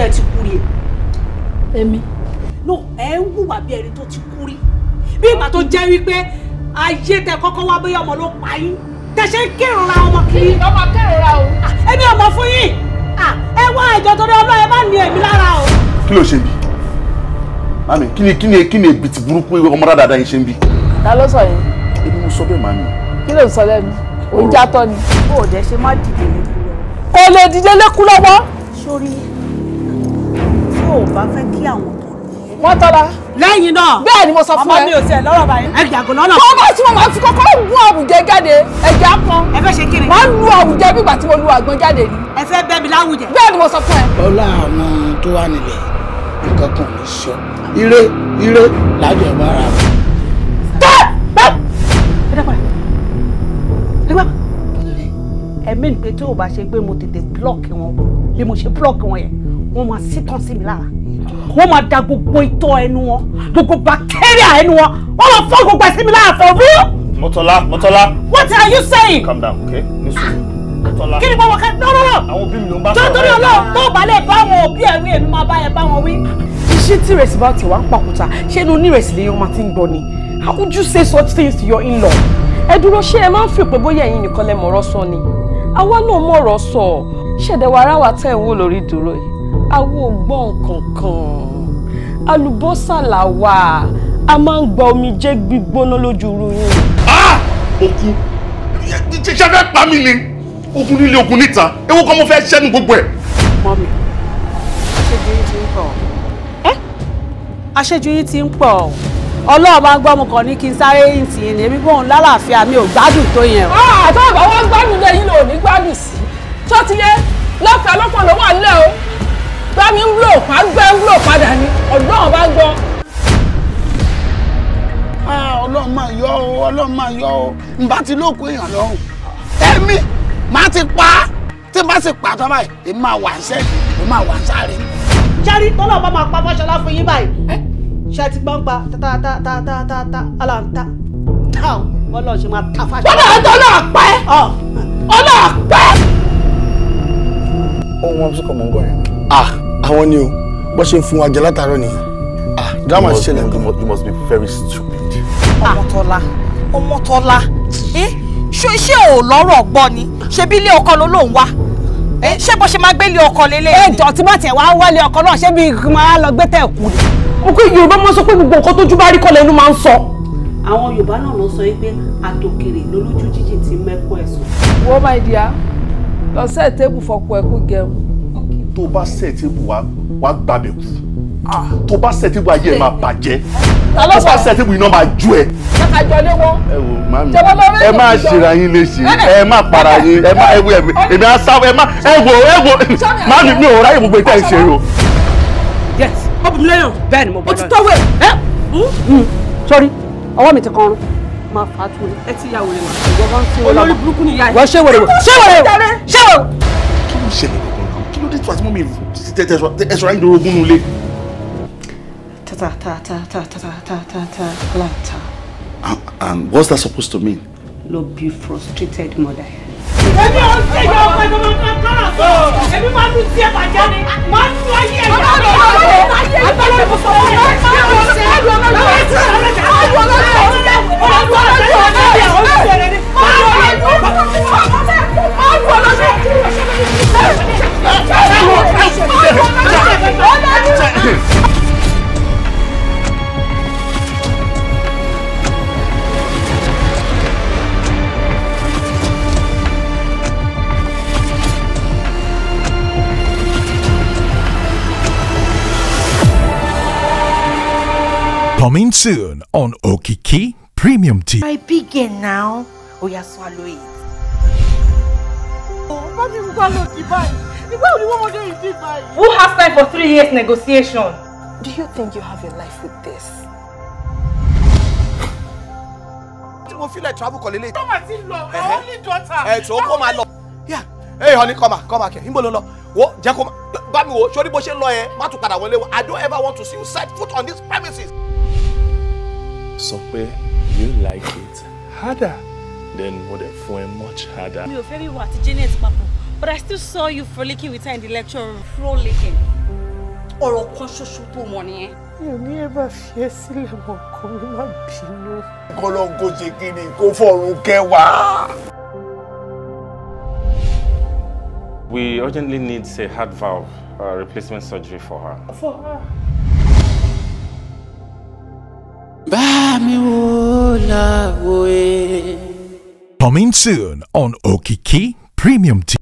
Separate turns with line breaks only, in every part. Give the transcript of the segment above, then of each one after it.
ṣe ti kú rí ẹ. èmi. no ẹ ń hùwà bí ẹni tó ti kú rí bí ìgbà tó jẹ́ wípé ayé tẹ kọ́kọ́ wá bóyá ọmọ ló pa yín tẹ ṣe ń kérora ọmọ kiri. ọmọ kérora o. Ah, èmi ọmọ fún yín ah, ẹ wá ìjọ tó dé ọlọ́ ẹ má ní èmi lára o.
kí ló ṣe bí mami kí ni kí ni kí ni èbìtì burúkú ọmọ dáadáa yín ṣe ń bí.
ta ló sọ yẹn. èmi mo sọ bẹ́ẹ̀ mami. kí ló ń sọ lẹ́nu òun jatọ ni. bó o dẹ ṣe má dìde lẹ́kú lọ́wọ́. kò lè dìde lẹ́kú lọ́wọ́. sórí ò bá fẹ́ kí àwọn tó wọ́n tọ́lá. lẹ́yìn náà. bẹ́ẹ̀ ni mo sọ fún ẹ. ọmọ mi ò tiẹ̀ lọ́rọ̀ báyìí. ẹ jàgò lọ́nà. kọ́kọ́ tí mo máa fi kọ́kọ́ mú àwùjẹ jáde ẹ̀jẹ̀ á pọn. ẹ fẹ́ ṣe kí ni. máa lu àwùjẹ bí ìgbà tí mo lu àgbọn jáde ni. ẹ fẹ́ bẹ́ẹ̀ mi láwùjẹ. bẹ́ẹ̀ ni mo sọ fún ẹ.
ọlá àwọn tó wà nílẹ̀ nǹkan kan ní sọ ire ire lájọ ẹ bá ra mi.
ẹ̀mí ni pé tí o bá ṣe pé mo tètè blọ́ọ̀kì wọn bí mo ṣe blọ́ọ̀kì wọn yẹn wọ́n máa sí tán sí mi lára wọ́n máa da gbogbo itọ́ ẹnu wọn gbogbo bacteria ẹnu wọn wọ́n máa fọ́ gbogbo ẹ̀sìn mi lára for real. mọ́tọ́lá mọ́tọ́lá.
what are you saying. calm down okay nisun tọ́lá. kí ni mo wọ ká
lọ́rọ́rọ́. àwọn òbí mi ló ń
bá sọ̀rọ̀. torí ọlọ́run
tó bá lè bá àwọn òbí ẹ̀ wí èmi máa bá ẹ bá wọn wí. iṣẹ́ tí ìrẹsì bá ti wá ń pàkúta ṣé inú onírẹsì lèèyàn máa ti ń gbọ́ ni how would you say such things to your in-law. ẹ dúró ṣé ẹ máa ń fi pé bóyá ẹ̀yin nìkan lẹ mọ̀ọ́rọ́ sọ ni àwa náà mọ̀ọ́rọ́ sọ ṣẹ̀dẹ̀ wàrà wa tẹ̀ ń wò lórí dúró yìí awo gbọ́n kankan alùbọ́sà là wà a máa ń gba omijé gbígbóná lójú rúyìn.
okun ṣe fẹ́ pa mí ni ogun nílé ogun níta ewu kan mo fẹ́ ṣẹ́nu gbogbo
ẹ̀. mi
aṣẹ́jú yìí ti ń pọ̀ ẹ́
aṣẹ́jú yìí ti ń pọ̀ ọlọ́run bá gbọ́ mo kàn ní kí n sáré ìtì yìí èmi bóun lálàáfíà mi ò gbádùn tó yẹn o. Ah, àtọ́ àbáwọ́ gbádùn lẹ́yìn lò ní gbádùn sí tó ti yẹ lọ́fẹ̀ẹ́ lọ́pọ̀ lọ́wọ́ àlẹ́ o bá mi ń lò má ń lò padà ni ọ̀gbọ́n bá gbọ́.
Ah, ọlọ́run máa yọ o ọlọ́run máa yọ o n bá ti lóòkù èèyàn lọ́rùn ẹ̀mí má ti pa á tí n bá sì pa tọ́ba yìí
èmi máa wà ń sẹ́yìn èmi máa wà ń sáré. sẹ́rí tọ́lọ̀ bá máa pa fọ́ṣọlá fún yín báyìí ṣe ti gbọ́n pa ta ta ta ta ta ta ala ń ta ta o bọ́lọ̀ ṣe máa ta fáṣọ. bọ́lọ̀ ọ̀dọ́ náà pẹ́ ọ̀nà pẹ́.
ohun ọ̀bùsùn kò mọ̀ ń gbọ́ yẹn. ah àwọn ni o bó ṣe ń fún wa jẹ látàárọ̀ nìyẹn ah drama ṣẹlẹ̀ gan. you must be very stupid.
ọmọtọ́lá ọmọtọ́lá eh, ṣé ṣé ò lọ́rọ̀ gbọ́ ni ṣebí ilé ọkọ ló lóun wá eh, ṣé bó ṣe máa gbé ilé ọkọ lélẹ̀. ẹ jọ eh, tí bá tiẹ̀ wá wálé ọkọ náà ṣé bí máa lọ gbé tẹ̀ kú ni. mo kí yorùbá máa sọ pé gbogbo nǹkan tójú bá rí kọ́ lẹ́nu máa ń sọ. àwọn yorùbá náà ló sọ pé àtòkèrè lolójú jíjìn ti mẹ́kọ ẹ̀sùn. wọ́n máa di a lọ sẹ́ẹ̀ tébù fọpọ̀ ẹ̀kú
gẹ̀rù tó bá sẹ̀ tébù wá wá gbàbẹ̀ kú ah. tó bá sẹ̀ tébù ayé ẹ̀ máa bàjẹ́ tó bá sẹ̀ tébù iná máa jó ẹ. ẹ wo màmí ẹ má ṣèrà yín léṣe ẹ má para yín ẹ má ẹ wo èmi á sá ẹ má ẹ wo ẹ wo màmí mi ò ráyè gbogbo ìta ìṣe o.
yes ọbùnúlẹ́yàn bẹ́ẹ̀ ni mo bọ́ lọ́yọ̀ o ti tọ́wé ẹ́ sórí ọwọ́ mi ti kọrun máa fà á tu ni. ẹ ti ya wèrè wa. olórí burúkú ni ìyá ẹ. wọ́n ṣé wèrè wò ṣé wèrè wò
ṣé wèrè wò. kí ló ṣẹlẹ̀ kí ló dé tó àti mọ́mí ẹ̀ṣọ́ra yìí lórogún nulẹ̀.
tata tata tata tata tata lanta.
and what's that supposed to mean.
lo be frustrated mother. èmi ò ń ṣe ìyá ọkọ ìjọba ọkọ náà sọ èmi máa ń tiẹ̀ bàjẹ́ ni máa ń lu ayé ẹ̀yà ọ̀rọ̀ ọ̀rọ̀ ayé ẹ̀yà ọ̀rọ̀ ọ̀rọ̀ ọ̀rọ̀ ọ̀rọ̀ ọ̀rọ̀
ọ̀rọ̀ ọ̀rọ̀ ọ̀rọ̀
Coming soon on Okiki Premium TV. I
begin now. Oh, yeah, swallow it. Oh, Why would you want to do by Who has time for three years negotiation? Do you think you have a life with this?
mo feel like travel kọ lele. tọ́mà ti lọ my only daughter. ẹ tó kó máa Yeah, hey honey come back come back here nbọ ló lọ wo jẹ kó bá mi wo sori bó ṣe wale. i don't ever want to see you set foot on this premises. sọ you like it harder than what dẹ̀ fún much harder. mi ò
fẹ́ wíwọ àti Janet but I still saw you frolicking with her in the lecture room. Frolicking? ọ̀rọ̀ kan ṣoṣo tó mọ̀ nìyẹn. mi ò ní ẹ bá fi ẹ sílẹ̀ mọ́ kó mi má bínú.
kọ́lọ́ńgò ṣe kí ni kó ko mi ma binu ni ko forun We urgently need a heart valve uh, replacement surgery for her.
For her? Coming soon on Okiki Premium TV.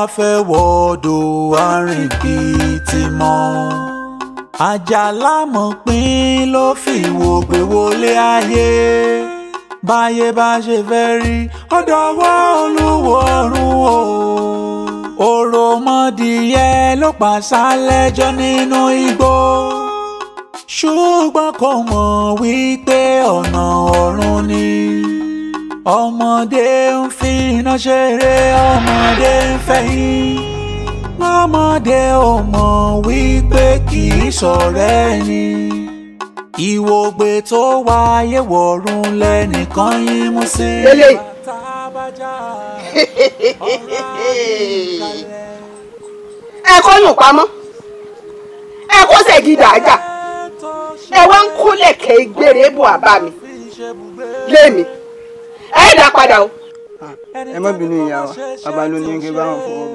bá fẹ́ wọ́dọ̀ arìn bíi ti mọ́. àjàlá mọ̀ pín ló fi wò pé wọlé ayé báyé bá ṣe fẹ́ rí ọ̀dọ̀ wá olúwo ọ̀run o. òròmọdìyẹ ló pàṣà lẹ́jọ́ nínú igbó ṣùgbọ́n kò mọ̀ wípé ọ̀nà ọ̀run ni ọmọdé ń fi iná ṣeré ọmọdé ń fẹ̀yìn ọmọdé ò mọ̀ wípé kì í ṣọ̀rẹ́ ẹni ìwògbè tó wáyé wọ̀run lẹ́nìkan yín mú sí
bàtà bàjá ọ̀rá
ìkàlẹ̀. ẹ kọ́ yùn pamọ́
ẹ kó ṣègì dàájà ẹ wá ń kólẹ̀kẹ́ ìgbèrè bò àbá mi lémi. ẹ dá padà o.
ẹ má bínú ìyá wa bàbá ló ní kí báwọn fún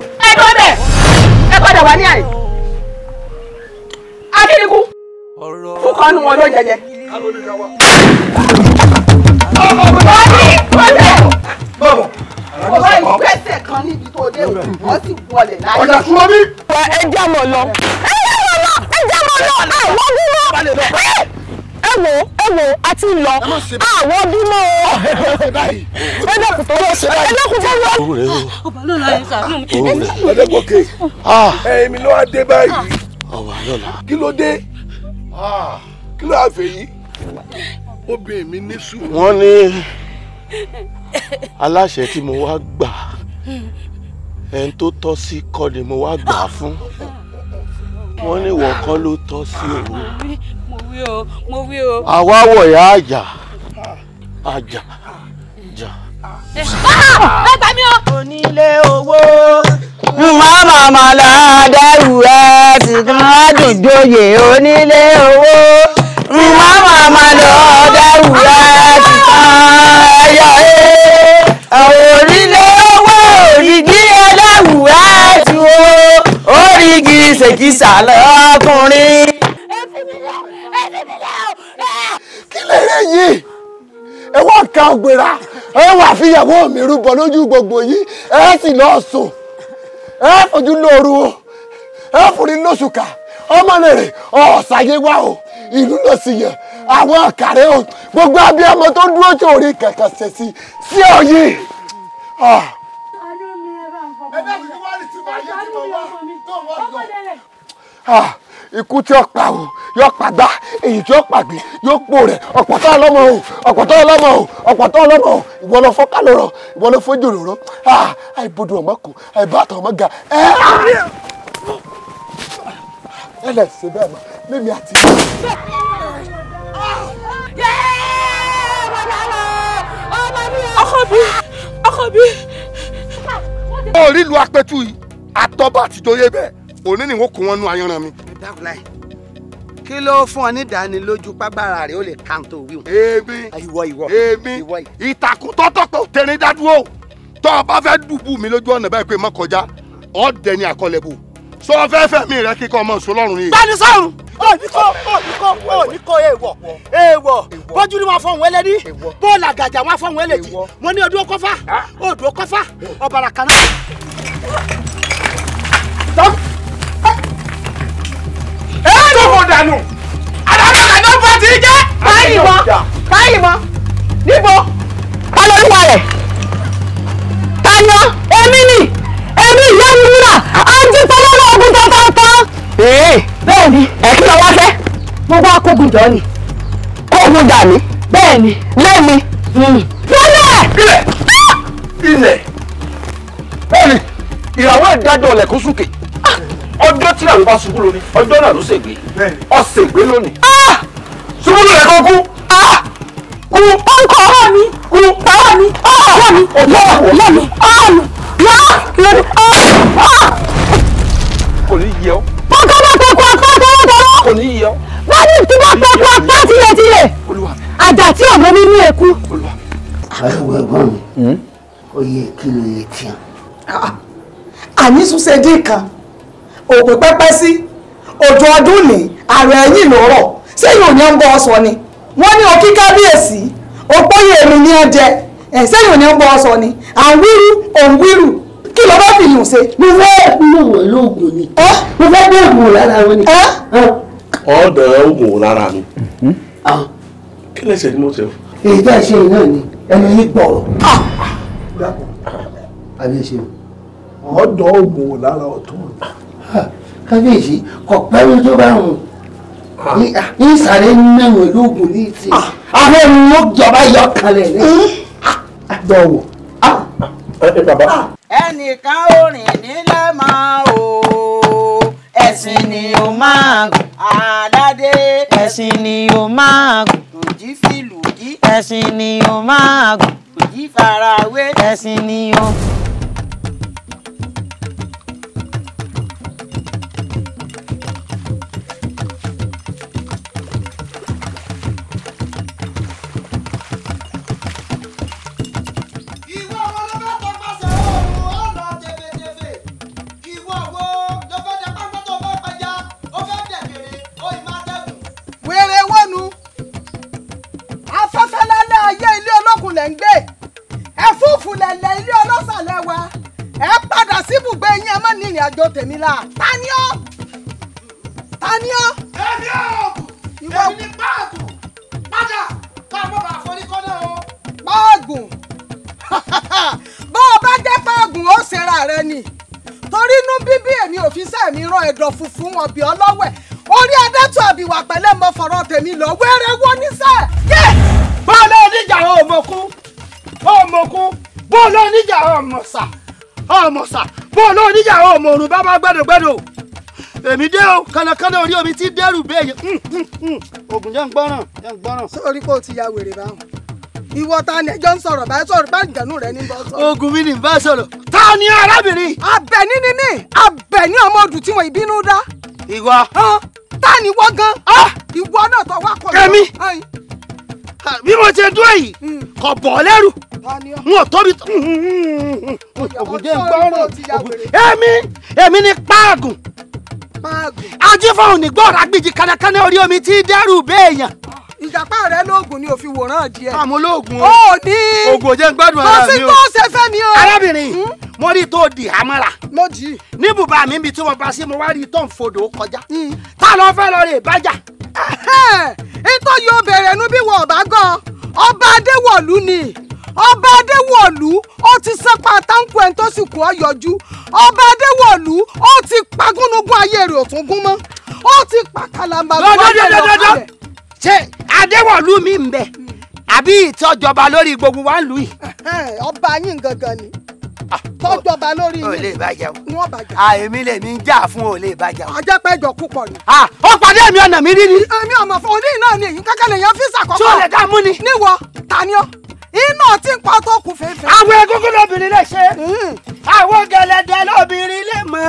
ẹ wo ẹ wo a ti lọ àwọn ọdún mọ o ẹ dẹkùn tó lọ ẹ dẹkùn tó lọ. ọba náà la yẹn sàánú mi.
ọ̀dẹ́gbọ̀kẹ́ ẹ̀mí ló wá dé báyìí ah. kí ló dé ah. kí ló àfẹ́ yìí obìnrin mi ní
sùúrù. wọ́n ní
aláṣẹ tí mo wá gbà ẹni tó tọ́ sí kọ́ ni mo wá gbà fún wọ́n ní ìwọ kọ́ ló tọ́ sí òun
mo wí o mo wí o. àwa wọ̀ ya àjà
àjà jà.
Ah! ẹ gbà mí o. onílé owó. màmá màlá dẹrù ẹ sì kàn á dùn joyè onílé owó. màmá màlá dẹrù ẹ sì kàn á yọ e. ẹ. onílé owó òrìgì ẹlẹ́wù ẹ̀ tù ó. orígi ṣèkìsà lọ́kùnrin. Ah! kí lè rẹ yìí
ẹ wá ka ògbèrà ẹ wà fìyàwó mi rúbọ lójú gbogbo yìí ẹ sì lọ sùn ẹ fojú lóru o ẹ forí lóṣù ká ọmọ rere ọ̀sàyé wá o ìlú lọ sí yẹn àwọn àkàrẹ́ o gbogbo abiyamọ tó dúró tí orí kankan ṣe sí sí òyìn. Ah ikú tí ó pa o yóò pa gbá èyí tí ó pàgbé yóò pò rẹ̀ ọ̀pọ̀tọ́ ọlọ́mọ o ọ̀pọ̀tọ́ ọlọ́mọ o ọ̀pọ̀tọ́ ọlọ́mọ o ìwọ ló fọ́ká lọ́rọ̀ ìwọ ló fojú lọ́rọ̀ àìbodò ọmọ kù àìbátan ọmọ ga ẹ ẹ lẹ ṣe bẹ́ẹ̀ mọ mímí àti. ọkọ mi ọkọ lu apẹtù yìí àtọ́bà àtijọ́ yé bẹ́ẹ̀ òní ni wọ́n kó wọn nú ayanran mi. Dákúnláyè kí ló fún ọ ní ìdánilójú págbára rẹ ó lè kàn tó wíwọ. Ah, èmi ìwọ ìwọ èmi ìtàkùn tọ́tọ̀tọ̀ tẹ̀rín dádúró tọ́ ọ bá fẹ́ dùbù mi lójú ọ̀nà báyìí pé má kọjá ọ̀dẹ ni àkọlẹ̀bù sọ fẹ́fẹ́ mi rẹ kíkọ́ ọmọ sùn lọ́rùn yìí. báni sọ̀rùn òníkó òníkó òníkó èèwọ̀ èèwọ̀ bójú ni wọ́n fọ́ òun ẹlẹ́ni bóòlù àgàjà wọ́n fọ́ òun ẹlẹ́jì mo ní odò kọfà ah. odò kọfà ọ̀bàrà kan náà. dànù. àdàbàkà ló bọ́ ti jẹ́. káyì mọ káyì mọ
níbo ta lolúwa rẹ̀ ta yan èmi ni èmi ìyá mi wúrà á ti tọ́lọ́ lọ ogun tọ́tọ́tọ́. bẹ́ẹ̀ ni ẹ̀kí lọ wá fẹ́. mo wá kógun jọ ni. kógun dà mí. bẹ́ẹ̀ ni lẹ́mi. Hmm. lọ́lẹ̀. ilẹ̀ ilẹ̀
bẹ́ẹ̀ ni ìràwọ̀ ẹ̀dá dọ̀ọ̀lẹ̀ kó súnkè ọjọ́ tí àwọn bá ṣubú lónìí ọjọ́ náà ló
ṣègbè ọ̀ṣègbè lónìí. Ah! ṣubú ló yẹ kó kú. Ah! Ah! kú ọkọ ọwọ́ mi kú ọwọ́ mi ọwọ́ mi ọwọ́ mi ọwọ́ mi ọwọ́ mi yá lórí ọwọ́. kò ní yẹ ọ. bọ́kọ́ bá pẹ̀kú apá tọwọ́tọwọ́. kò ní yẹ ọ. báyìí tí bá pẹ̀kú apá tilẹ̀tilẹ̀ àjà tí ọ̀bọ mi ní ẹ̀kú.
àbẹ̀wò ẹ̀gbọ́n mi hmm? ó yẹ kí ló yẹ tiẹ̀.
àníṣúṣe dín kan òpin pẹ́pẹ́ sí òjò ọdún ní ààrẹ ẹ̀yìn ló rọ̀ ṣé yóò ní ń bọ́ ni wọ́n ní òkí kábíyèsí òpóyè èmi ní ọjẹ ẹ̀sẹ̀ yóò ní ń bọ́ ni àwírú òǹwírú kí ló bá fi yùn ṣe. mo fẹ́ lò wọ́n lóògùn ni mo fẹ́ gbé oògùn lára wọn ni.
ọ̀dọ̀ oògùn lára mi mm-hmm. kí lẹ́sẹ̀ ni mo ṣe. èyí tá a ṣe yìí náà ni ẹnu yìí gbọ̀rọ̀. ọ̀dọ̀ oògùn lára ọ̀tún kábíyèsí kò pẹ́ mi tó bá rùn ah. Ah, ní ìsàlẹ̀ náà lóògùn ní ti àwọn ènìyàn jọba yọ kalẹ̀ ní hmm? ah, àgbọ̀wọ̀.
ẹnìkan ò rìn nílẹ̀ máa o ẹ̀sìn ni ó máa gùn aládé ẹ̀sìn ni ó máa gùn òjì fìlù jí ẹ̀sìn ni ó máa gùn òjì farawé ẹ̀sìn ni ó.
funfun ọ̀bì ọlọ́wẹ̀ orí adẹ́tù àbíwá pẹ̀lẹ́ mọ fọ̀rọ̀ tèmi lọ wẹ́rẹ́ wọ níṣẹ́. bọ́ọ̀lù oníjà ọmọkú ọmọkú bọ́ọ̀lù oníjà ọmọṣà ọmọṣà bọ́ọ̀lù oníjà ọmọrùn bá bá gbẹdọgbẹdọ èmi dé o kánnakánná orí omi ti dẹrù bẹ́ẹ̀ ogun hmm, hmm, hmm. jẹ́ ń gbọ́ràn jẹ́ ń gbọ́ràn. sórí pé o ya wèrè báwọn ìwọ ta ni ẹjọ́ ń sọ̀rọ̀ báyìí sọ̀rọ̀ báyìí jẹnu rẹ ní bọ sọ̀rọ̀. ogun mi ni n bá sọ̀rọ̀. ta ni arábìnrin. abẹni ni bẹ́ẹ̀ ní ọmọ ọdún tí wọ́n ìbínú dá. ìwọ. ta ni wọ́n gan. Ah! ìwọ náà tó wá kọ. kẹmi bí mo ṣe dúró yìí hmm. kò bọ̀ lẹ́rù n ò tóbi hmm, hmm, ògùnjẹ gbọ́rọ̀ èmi èmi ni páàgùn ajífọ̀hún ní gbọ́ra gbìjì kánakáná orí omi tí dẹ́rù béèyàn. ìjàpá rẹ lóògùn ni òfin wòran díẹ̀. àmọ́ ah, lóògùn o ò ní. ògùn ò jẹ́ gbádùn ara mi o. kò sí tó ṣe fẹ́ mi o. arábìnrin mo rí tó di àmọ́ra. mo jì í ní bùbá mi ibi tí wọ́n bá sí mo wá rí i tó ń fodò kọjá tá ló fẹ́ lọ rè bájà. ètò yóò bẹ̀rẹ̀ nu bí wọn ò bá gan ọba adéwọ̀lú ni ọba adéwọ̀lú ó ti sẹ́pà táǹkù ẹ̀ tó sì kú ọ yọjú ọba adéwọ̀lú ó ti pagúnugún ayé rẹ̀ òtún gún mọ́ ó ti
pàkàlàmà gún ayé rẹ̀ òtún rẹ̀.
ṣé adéwọ̀lú mi ń bẹ àbí ìtọ́jọba lórí gbogbo wa ń lù yìí.
ọba yín gangan ni tọ́jọba lórí yín. o lè bàjẹ́ o. ni wọ́n bàjẹ́. a
ah, èmi lè mi ń jà fún o lè bàjẹ́ o. ọjọ́ pẹ́ jọ kú pọ̀ ni. a ah, ó
pàdé èmi ọ̀nà mi rí ni.
èmi ọmọ fún oní náà ni èyí kẹ́kẹ́ lè yan fíìsì àkọ́kọ́. tó lè dá mú ni. níwọ tani ọ iná tí ń pa tó kù fèéfèé. àwọn egúngún lóbìnrin lè ṣe. Hmm. àwọn gẹ̀lẹ̀dẹ̀ lóbìnrin lè mọ.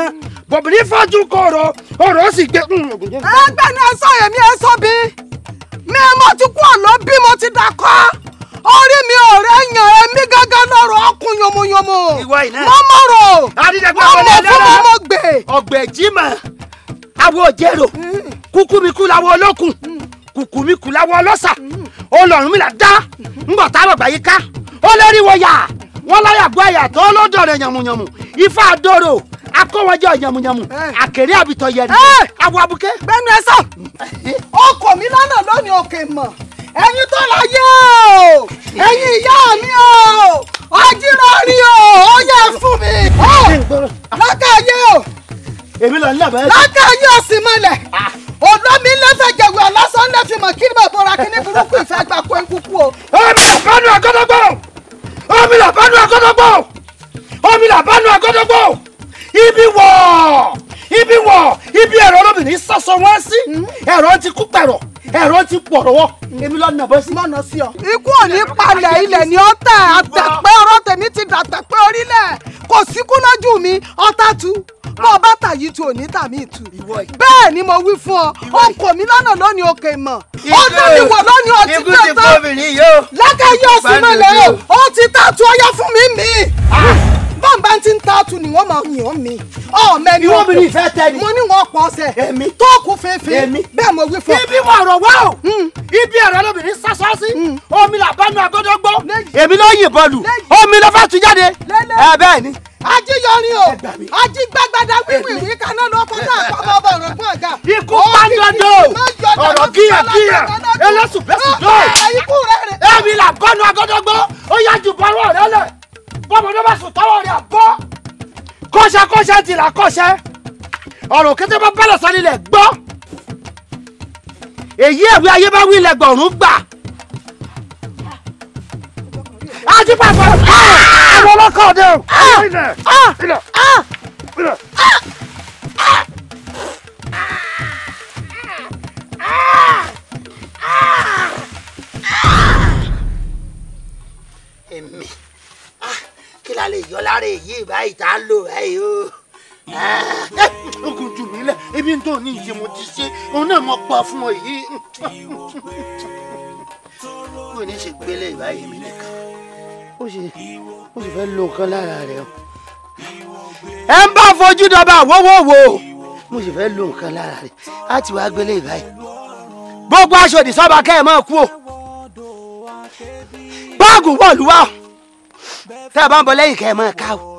bọ̀bìnrin fọ́jú kòrò òrò sì gbé. Hmm, ẹgbẹ́ ni ẹ sọ èmi ẹ sọ bí mi mo ti kú ọ̀ ló bí mo ti dà orí mi ò rẹ̀ yàn ẹ̀mí gángan lọ́rọ̀ ọkùn yọmọyọmọ mọ́mọ́ rò mọ́mọ́ fún mọ́mọ́ gbè. ọ̀gbẹ̀ jimá awo òjèrò hmm. kúkú mi kú làwọn olókùn hmm. kúkú mi kú làwọn ọlọ́sà ọlọ́run mi là dá hmm. ńgbọ̀tá àgbà yìí ká ó lérí wọ yà wọ́n láyà gbọ́ àyàtọ̀ ọlọ́dọ̀ rẹ̀ yànmùyànmù ifá àdóró akọwọjọ yànmùyànmù eh. àkèrè àbìtọ̀ yẹ̀rì eh. awọ abuké. bẹ́ẹ̀ni ẹ sọ ọkọ eh. mi lánàá lónìí òkè mọ̀ ẹ̀yin tó láyé o
ẹ̀yin ìyá mi
o ajírọ̀rí o ó yẹ fún mi o lákàyè o èmi lọ nílẹ̀ bẹ́ẹ̀. lákàyè o sì mọlẹ̀ olómi lẹ́fẹ̀ẹ́ jẹ̀wé ọ̀lásán lẹ́fẹ̀ẹ́ mọ̀ kí ni bàbá ra kí ni burúkú ìfẹ́ gbà kó ikú kú o. omi làbánu àgọ́dọ́gbọ̀ omi làbánu àgọ́dọ́gbọ̀ omi làbánu àgọ́dọ́gbọ̀ ibi wọ̀ ibi wọ̀ ibi ẹ̀rọ lóbìnrin sọ̀sọ̀ wọn sí hmm? ẹ̀rọ ti kú pẹ̀rọ̀ ẹ̀rọ ti pọ̀ lọ́wọ́ hmm. èmi lọ nàbọ̀ sí. mọ̀nà sí ọ. ikú ò palẹ̀ ilẹ̀ ni ó tẹ̀ àtẹ̀pẹ́ ọ̀rọ̀ tèmi ti dàtẹ̀pẹ́ orílẹ̀ kò síkú lójú mi ọ̀tá tu bó bá tà yìí tu òní tà mí tu. bẹ́ẹ̀ ni mo wí fún ọ o kò mí lọ́nà lónìí òkè mọ̀ ó tóbi wọ̀ lónìí ọtí tó tán lẹ́kẹ̀ẹ́ mọ̀lẹ́ o ti tà tu ọyá fún mi mi. Ah! tọ́n bá ti ń ta tu ni wọ́n máa yìn ọ́ mi ọ̀ mẹ́ni wọ́n mi fẹ́ tẹ́ ni mo ní wọn pọ̀ sẹ́ tó kú fẹ́fẹ́ bẹ́ẹ̀ mo wí fún. ibi wà rọ̀ wá o hmm. ibi ẹ̀rọ lóbìnrin sásọ sí hmm. omi là bá nu agodo gbó èmi ló yìnbọn lù omi ló fẹ́ tu jáde ẹ bẹ́ẹ̀ ni. ajíyọrin
o ajígbàgbàdà wíwìwì kaná ló kọ́ náà kọ́ bọ́ bọ̀ ọ̀rọ̀ gbọ́n ọ̀gá. ikú pàjọ́dọ̀ ọ̀rọ̀ kíyàkíyà ẹlẹ́sùn bẹ́sùn dọ̀ ẹ̀mí là
bá nu agodo gbó ó yá ju bọ́rọ̀ rẹ lẹ̀ bọ́mọdé bá sùn táwọn rẹ̀ bọ́ kọ́ṣẹ́ kọ́ṣẹ́ ti là kọ́ṣẹ́ ọ̀rọ̀ kété bá bẹ̀rẹ̀ sọ nílẹ̀ gbọ́ èyí ẹ̀wí ayé bá wí ilẹ̀ gbọ̀rún gbà àti pàpà ah! àwọn ọlọ́kọ̀ọ́dẹ o. Ah!
Ah!
rè yìí báyìí tá a lò báyìí o. ogun jù mí ebi ń tó ní ìṣe mo ti ṣe òun náà mo pa fún ọ yìí. kò ní ṣe gbélé ìbáyé mi nìkan ó sì ó lo nǹkan lára rẹ o. ẹ ń bá fojú dọba àwòwòwò mo sì fẹ́ lo nǹkan lára rẹ á wá gbélé ìbáyé. gbogbo aṣọ òdì sọ́ba kẹ́ ẹ̀ máa kú o. báàgù wọ̀lú wa tẹ́ ẹ bá ń bọ lẹ́yìn kẹ́ ẹ máa ká o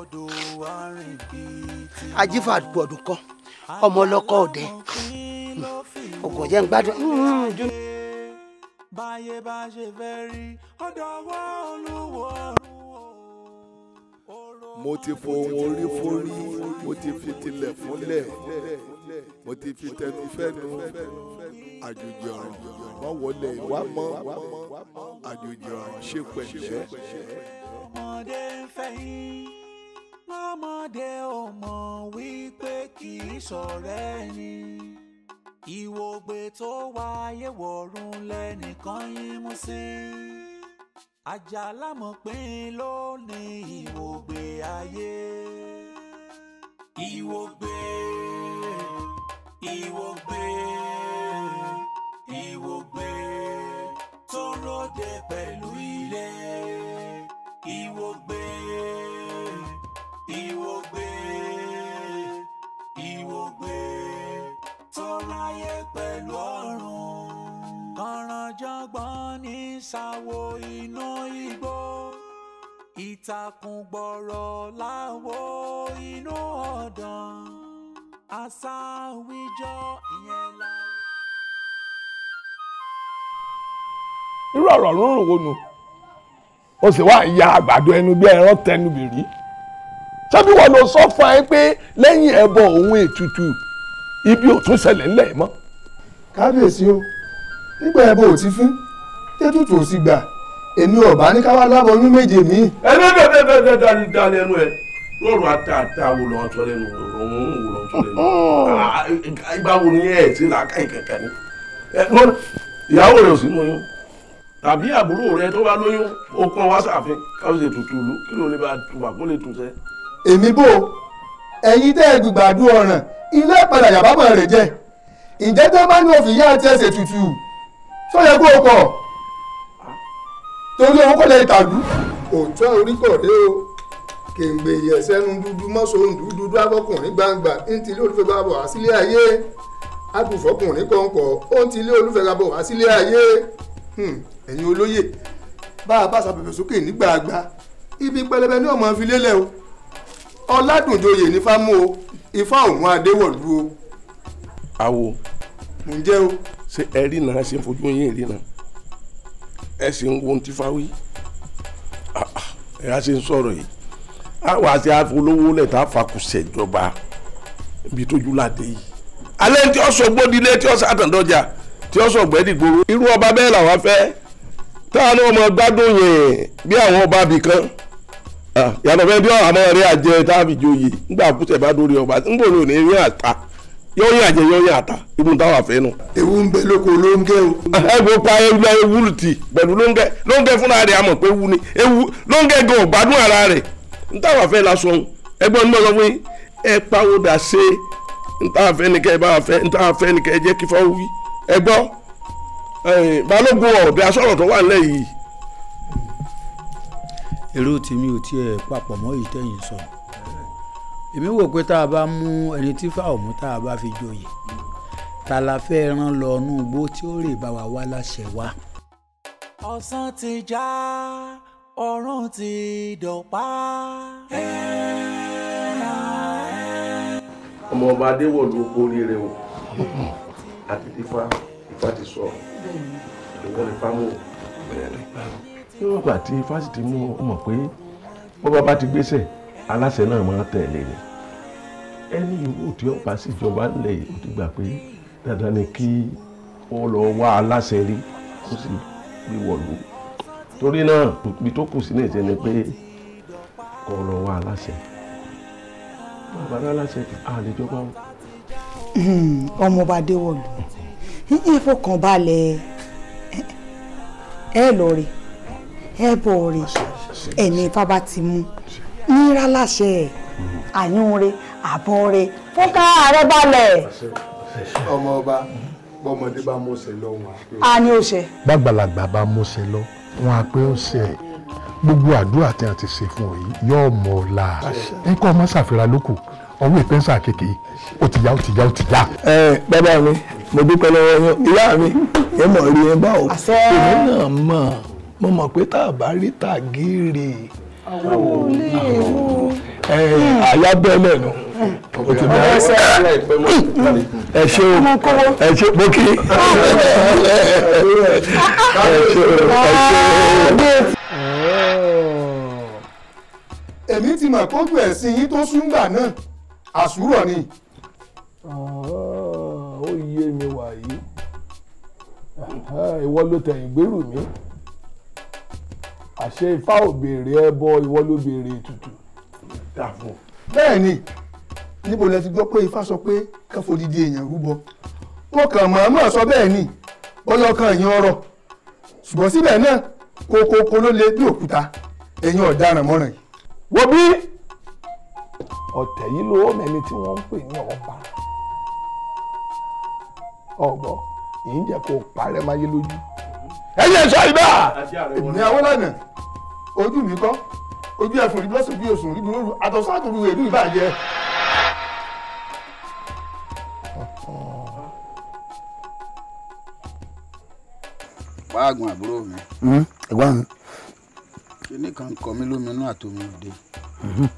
ajífà gbọ̀dùn kan ọmọ ọlọ́kọ ọ̀dẹ ọkọ̀ jẹ́ ń gbádùn. Mm-hmm, báyé bá ṣe fẹ́ rí ọ̀dọ̀ wá olúwo mo ti fohùn orí forí mo ti fi tilẹ̀ fúnlẹ̀ mo ti fi tẹnu fẹ́nu àjòjì ọ̀ràn mọ́ wọlé ìwà mọ́ àjòjì ọ̀ràn ṣe pẹ̀lẹ́
ọmọdé ń fẹ́ yín lọ́mọdé ò mọ̀ wípé kì í ṣọ̀rẹ́ ẹni ìwògbè tó wáyé wọ̀run lẹ́nìkan yín mú sí Àjàlá mọ̀ pé ló ní ìwògbè ayé ìwògbè ìwògbè ìwògbè tó ròde pẹ̀lú ilé ìwògbé ìwògbé ìwògbé tọ́láyé pẹ̀lú ọ̀run. kànràjọ̀gbọ́n ní sáwọ inú igbó ìtàkùn gbọ̀rọ̀ láwo inú ọ̀dàn àṣà àwùjọ ìyẹn la.
irú ọ̀rọ̀ ló ń rò wọnú ó sì wá ya àgbàdo ẹnu bí ẹran tẹnu bìrì ṣábí wọn ló sọ fún ẹ pé lẹ́yìn ẹbọ òun ètùtù ibi ò tún ṣẹlẹ̀ ńlẹ̀ mọ́. kábíyèsí o nígbà ẹbọ ò ti fún tètùtù ò sì gbà èmi ò bá ní ká wá lábọ oyún méje mi. ẹni bẹ́ẹ̀ bẹ́ẹ̀ bẹ́ẹ̀ dání dání ẹnu ẹ lọ́rùn àtàtà wò lọ́ọ́ tọ́ lẹ́nu òun wò lọ́ọ́ tọ́ lẹ́nu ah, ìgbà wo ni ẹ̀ sí làákàyè kankan ni ìyàwó rẹ̀ ò sí mọ́ yín àbí àbúrò rẹ tó bá lóyún ó kàn wá sàfin ká ó ṣe tutù ìlú kí ló lè bá tùbà kó lè tùṣẹ. èmi bò ẹ̀yin tẹ́ ẹ gbùgbàdú ọ̀ràn ilé ìpadà yàbámọ̀ rẹ̀ jẹ́ ǹjẹ́ tẹ́ bá ní òfin yá àti ẹsẹ̀ tutù tó yẹ kó o kọ̀ torí owó kò lè tàdú. òótọ́ orí kò dé o kèǹgbè ìyẹ̀sẹ́nu dúdú mọ́sọ̀rùn dúdú abọ́kùnrin gbangba ń tilé olùfẹ́ bá bọ̀ wá sílé ayé àtùfọ́kùnrin kọ̀ọ̀kọ̀ ó ń tilé olùfẹ́ bá bọ̀ wá sílé ayé. Hmm ẹ̀yin olóyè bá a bá sàbẹ̀bẹ̀ sókè nígbàgbà ibi pẹlẹbẹ ní ọmọ fi lélẹ̀ o ọ̀làdùnjoyè ní fámú o ifá òun adéwọ̀lú o. àwo. ǹjẹ́ o. ṣé ẹ rí náà ṣe ń fojú yín rí náà ẹ sì ń wo ohun tí fáwí ẹ á ṣe ń sọ̀rọ̀ yìí àwọn àti àfolówó lẹ̀ tá a fakùsẹ̀ jọba ibi tójú láde yìí. alẹ́ tí ọ̀sọ̀ gbódìlé tí ọ̀sọ̀ àtàndọ́jà tí ọ̀sọ̀ gbẹ́dìgboro irú ọba bẹ́ẹ̀ làwọn fẹ́. táwọn ọmọ gbádùn yẹn bí àwọn ọba bì kan yàtọ̀ fẹ́ bí àmọ́ rẹ̀ àjẹ táàbì joyè ńgbà kúṣẹ̀ bá dórí ọba na ló ní rí àta yóò àjẹ yóò yín àta ibùn táwọn àfẹ́ nù. ewu ń bẹ lóko lóńgẹ o. pa ewu lóńgẹ lóńgẹ fúnra a pé ewu ni ewu lóńgẹ gan gbádùn ara la sọ yín ẹ pawó dà ntàwọn àfẹ́ nìkẹ́ ẹ bá àfẹ́ ntàwọn àfẹ́ nìkẹ́ ẹ jẹ́ balógun ọ̀dẹ asọ̀rọ̀ tó wà nílẹ̀ yìí. èrò tèmi ò tiẹ̀ papọ̀ mọ́ èyí tẹ̀yìn sọ èmi wò pé tá a bá mú ẹni tí fáwọn mú tá a bá fi joyè ta la fẹ́ rán lọ inú igbó tí ó rè bá wa wá láṣẹ wa.
ọ̀sán ti já ọ̀run ti dọ̀pá.
ọmọ ọba adéwọ̀lú orí rẹ̀ o àti ifá ifá ti sọ ìwọ ni nígbà tí fásitì mú ọ mọ̀ pé bọ́ba bá ti gbéṣẹ̀ aláṣẹ náà máa tẹ̀lé ni ẹni ìwú tí ó bá sì jọba ńlẹ̀ yìí ó ti gbà pé dandan ni kí ó lọ wá aláṣẹ rí ó sì gbé wọ̀lú torí náà ibi tó kù sí ní ìṣẹ́ ni pé kó lọ wá aláṣẹ bàbá aláṣẹ àlejò hmm, bá wọ.
ọmọọba adéwọlú ẹ fọkàn balẹ̀ ẹ lọ rè ẹ bọ̀ rè ẹni ifá bá ti mú nira láṣẹ àyún rè àbọ̀ rè fọ́nká ààrẹ balẹ̀.
ọmọ ọba bọ́mọdé bá mọ̀ọ́sẹ̀ lọ wọn. a ní ó ṣe. bàgbàlagbà bá mọ̀ọ́sẹ̀ lọ wọn á pé ó ṣe gbogbo àdúrà tí a ti ṣe fún ọ yìí yóò mọ ọ la ẹ kọ́ ọmọ ṣàfihàn lóko ọwọ́ ìpẹ́nsà kékeré ó ti yá ó ti yá ó ti yá. ẹ bàbá mi mo dúpẹ́ lọ́wọ́ yín ìyá mi ẹ mọ̀ rí ẹ bá o èmi náà mọ̀ mo mọ̀ pé tá a bá rí tàgìrì àyà bẹ́ẹ̀lẹ̀ nù o ti bẹ́ẹ̀ ẹ ṣe o ẹ ṣe mo kí ẹ ṣe o èmi ti mọ̀ kójú ẹ̀sìn yín tó súngbà náà àsúrọ̀ ni ayé mi wàyí ìwọ ló tẹ̀yìn gbèrú mi àṣẹ ifá ò béèrè ẹbọ ìwọ ló béèrè ètùtù. dàpọ̀ bẹ́ẹ̀ ni níbo lẹ ti gbọ́ pé ifá sọ pé káfọ́ dídí èèyàn rúbọ wọn kàn mọ̀ọ́mọ̀ sọ bẹ́ẹ̀ ni bọ́yọ̀ kan èèyàn ọ̀rọ̀ ṣùgbọ́n síbẹ̀ náà kókókó ló lé bí òkúta ẹ̀yin ọ̀daràn mọ́ràn yìí. wo bí ọ̀tẹ̀ yìí ló mẹ́ni tí wọ́n ń pè ní ọ̀pá ọgbọ yìí ń jẹ kó parẹ́ máyé lójú. ẹyẹ sọ ìbá èmi àwọn lànà ojú mi kọ ojú ẹfun rí blọọsì bí oṣù rí burúkú àtọ̀sátòru èlú ìbàjẹ́. pàágùn àbúrò mi. ẹ̀gbọ́n hmm? mi. kíní kan kọ mí lóminú àtomi òde. Hmm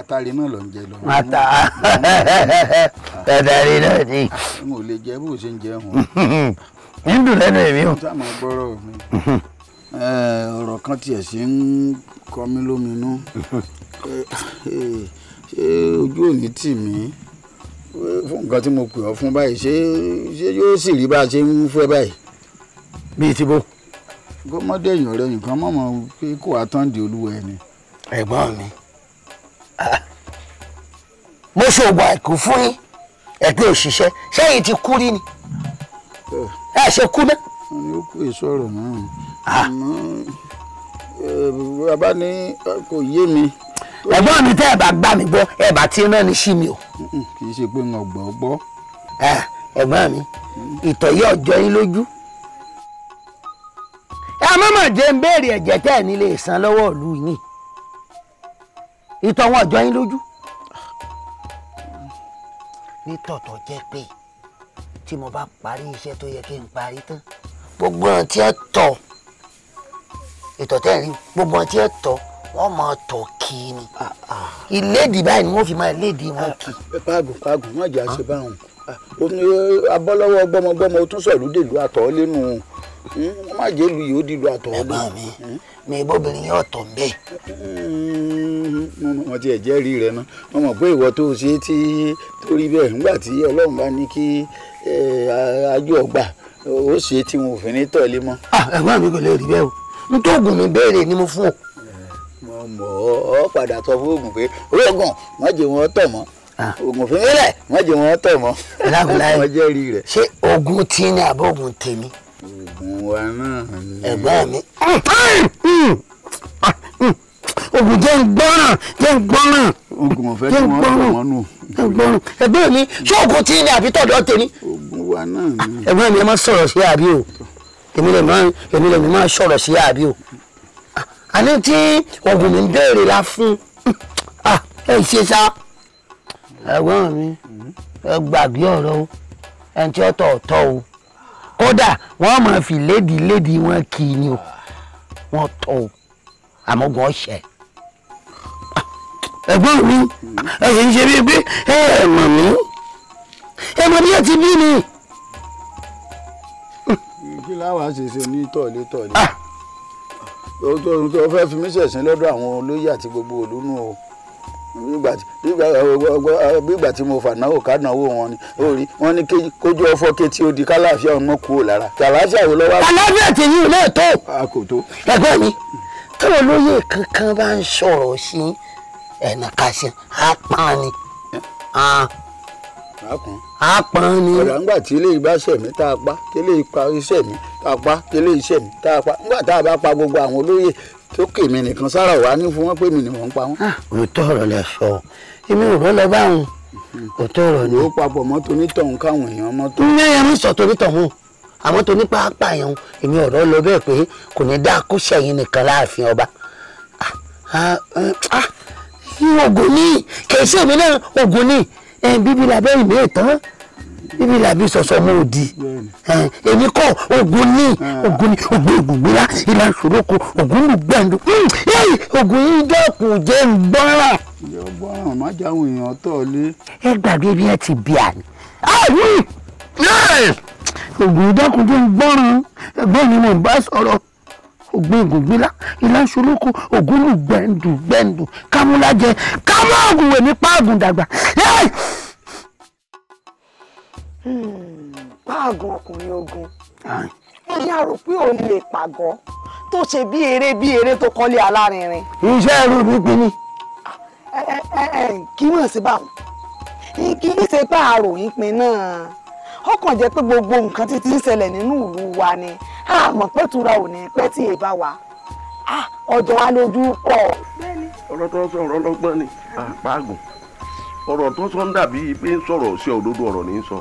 àtàrí náà ló ń jẹ lọ. ata àtàrí náà ni. n ò lè jẹ bó ṣe ń jẹ hùn. ń dùn lẹ́nu èmi o. sáà máa gbọ́rọ̀ mi. ọ̀rọ̀ kan tiẹ̀ sí ń kọ mí lóminú ṣé ojú ò ní tì mí fún nǹkan tí mo pè ọ́ fún báyìí ṣé ṣé yóò sì rí bá a ṣe ń fẹ́ báyìí. bíi ti bó. gómọdé èèyàn rẹ nìkan mọ̀mọ́ pé kò á tán di olúwa ẹni. ẹ̀gbọ́n mi mo ṣoògùn àìkú fún yín ẹgbẹ́ òṣìṣẹ́ sẹ́yìn ti kú rí ni eh. ẹ ṣe kú ná. yóò kú èso ọ̀rọ̀ náà ah. bàbá eh, ní eh, kò yé mi.
ẹ̀gbọ́n mi tẹ́ ẹ̀ bá
gbà mí gbọ́ ẹ̀ bá ti rán ni sí mi o. kì í ṣe pé ń gbọ́ gbọ́. Ah, ẹ̀gbọ́n mi ìtọ̀yẹ ọjọ́ yín lójú. ẹ mọ̀mọ́ jẹ́ ń béèrè ẹ̀jẹ̀ tẹ́ ẹ̀ nílé ìsan lọ́wọ́ ìlú yìí ìtàn wọn jọ yín lójú nítọ̀tọ̀ jẹ́ pé tí mo bá parí iṣẹ́ tó yẹ kí n parí tán gbogbo ọ̀n tí ẹ tọ̀ ìtọ̀tẹ́ rí gbogbo ọ̀n tí ẹ tọ̀ wọ́n máa tọ̀ kí ni ah, ah. ìlédìí báyìí ni wọ́n fi máa lédìí wọn kì. paago paago wọn jẹ àṣẹ báwọn Eh, abọ́lọ́wọ́ gbọ́mọgbọ́mọ ó tún sọ̀lú dèlú àtọ̀ lẹ́nu hmm, wọ́n má jẹ́ lu yìí ó dìlú àtọ̀ ẹ̀gbọ́n mi mi bóbìnrin yóò tọ̀ ń bẹ́ẹ̀. wọ́n hmm, ti ẹ̀jẹ̀ rí rẹ ná wọ́n mọ̀ pé ìwọ tó o ṣe tí tó bẹ́ẹ̀ nígbà tí ọlọ́run bá ní kí eh, ajú ọgbà ó ṣe tí wọn fi ní tọ̀lé mọ́. Ah, ẹ̀gbọ́n mi kò lè rí bẹ́ẹ̀ o nítòògùn mi béèrè ni mo fún o. Eh, mo mọ̀ ọ́ padà sọ fún oògùn pé oògùn má jẹ́ wọn tọ̀ mọ́. Ah. oògùn fún mi lẹ̀ wọ́n jẹ́ wọ́n tọ̀ mọ́ wọ́n jẹ́ rí rẹ̀. ṣé
oògùn tí ní àbọ̀ oògùn
tèmi. oògùn wa náà ni. ẹ̀gbọ́n mi. oògùn jẹ́ ń gbọ́ràn jẹ́ ń gbọ́ràn. oògùn ọ̀fẹ́ tí wọ́n tọ̀ mọ́ nù. ẹ̀gbọ́n mi ṣé oògùn tí ní àbí tọ̀dọ̀ tèmi. oògùn wa náà ni. ẹ̀gbọ́n mi ẹ má sọ̀rọ̀ sí àbí o èmi lè má sọ̀rọ̀ sí àbí o ah, àní tí oògùn mi ń béèrè la fún ah, ẹ ṣe sá ẹ̀gbọ́n mi ẹ gbàgbé ọ̀rọ̀ o ẹni tí ó tọ̀ tọ̀ o kódà wọ́n máa fi lédi lédi wọn kì í ni o wọ́n tọ̀ o àmọ́gun ọ̀sẹ̀ ẹ̀gbọ́n mi
ẹ sì ń ṣe bíi pé ẹ ẹ mọ̀ ẹ mọ̀ bí ẹ ti bí mi.
kí láwọn àṣeṣe ní tọ̀lé tọ̀lé ah. tó fẹ́ fi mí ṣẹ̀sìn lọ́dọ̀ àwọn olóyè àti gbogbo ìlú nù o bígbà tí mo fà náwó ká náwó wọn ni orí wọn ní kójú ọfọ kétí odi kálàáfíà ọmọ kúrò lára kálàáfíà wo lọ́wọ́. kálàáfíà tèmi ò náà tó. a kò tó. ẹ̀gbọ́n mi táwọn olóyè kankan bá ń sọ̀rọ̀ sí ẹ̀nà kàṣẹ apán ni. apán ah. ni. ọ̀rọ̀ àgbà tí ilé ìgbà sẹ̀mí tá a pa kí ilé ìpa iṣẹ́ mi tá a pa kí ilé iṣẹ́ mi tá a pa nígbà tá a bá pa gbogbo àwọn olóyè tó kè mí nìkan sára wà ní fún wọn pé mi ni mò ń pa wọn. Ah, òótọ́ ọ̀rọ̀ lẹ sọ èmi ò rọ́ lọ bá wọn òótọ́ ọ̀rọ̀ ni. ó papọ̀ mọ́tò onítọ̀hún káwọn èèyàn mọ́tò. ní ẹ̀rọ sọ tonítọ̀hún àmọ́ tó ní pápá yẹn èmi ọ̀rọ̀ lọ bẹ́ẹ̀ pé kò ní dá kó sẹ́yìn nìkan láàfin ọba. Ah, ah, eh, ògùn ni kèsì mi náà ògùn ni bíbí làbẹ́ ìmí ìtàn ibi làbí sọ̀sọ̀ mo di. èmi kọ́ ogun ní ogun ní ogun ìgbògbòrá ìlà ìṣòrókò ogun ní gbẹ̀ndù ogun yìí dẹ́kun jẹ́ ń gbọ́ràn. ìyá ọgbọ́ràn má jáwọ́ èèyàn tọ̀ lé. ẹ gbàgbé bí ẹ ti bí àná. ogun yìí dẹ́kun jẹ́ ń gbọ́ràn ẹgbẹ́ ni mo bá sọ̀rọ̀ ògbé gògbélá ilá ṣolóko ògúnlù gbẹ̀ndù gbẹ̀ndù kámúlájẹ pa àgùnwé
nípa àgùndàgbà.
páàgùn hmm. ọkùnrin ogun ó ní àrò pé òun lè pàgọ́ tó ṣe bí
eré bí eré tó kọ́lé alárinrin.
iṣẹ́ ẹ̀rù mi pin ni.
kí mọ̀ sí báwọn ṣe pé àròyìn pin náà ọkàn jẹ́ pé gbogbo nǹkan ti ń ṣẹlẹ̀ nínú ìlú wa ni àmọ́ pẹ́tura ò ní pẹ́ tí èèbá wa ọjọ́ wa lójú pọ̀.
ọ̀rọ̀ tó sọ ọ̀rọ̀ lọ́gbọ́n ni ọ̀rọ̀ tó sọ ń dàbí pé ń sọ̀rọ̀ òdodo ọ̀rọ̀ ní í sọ.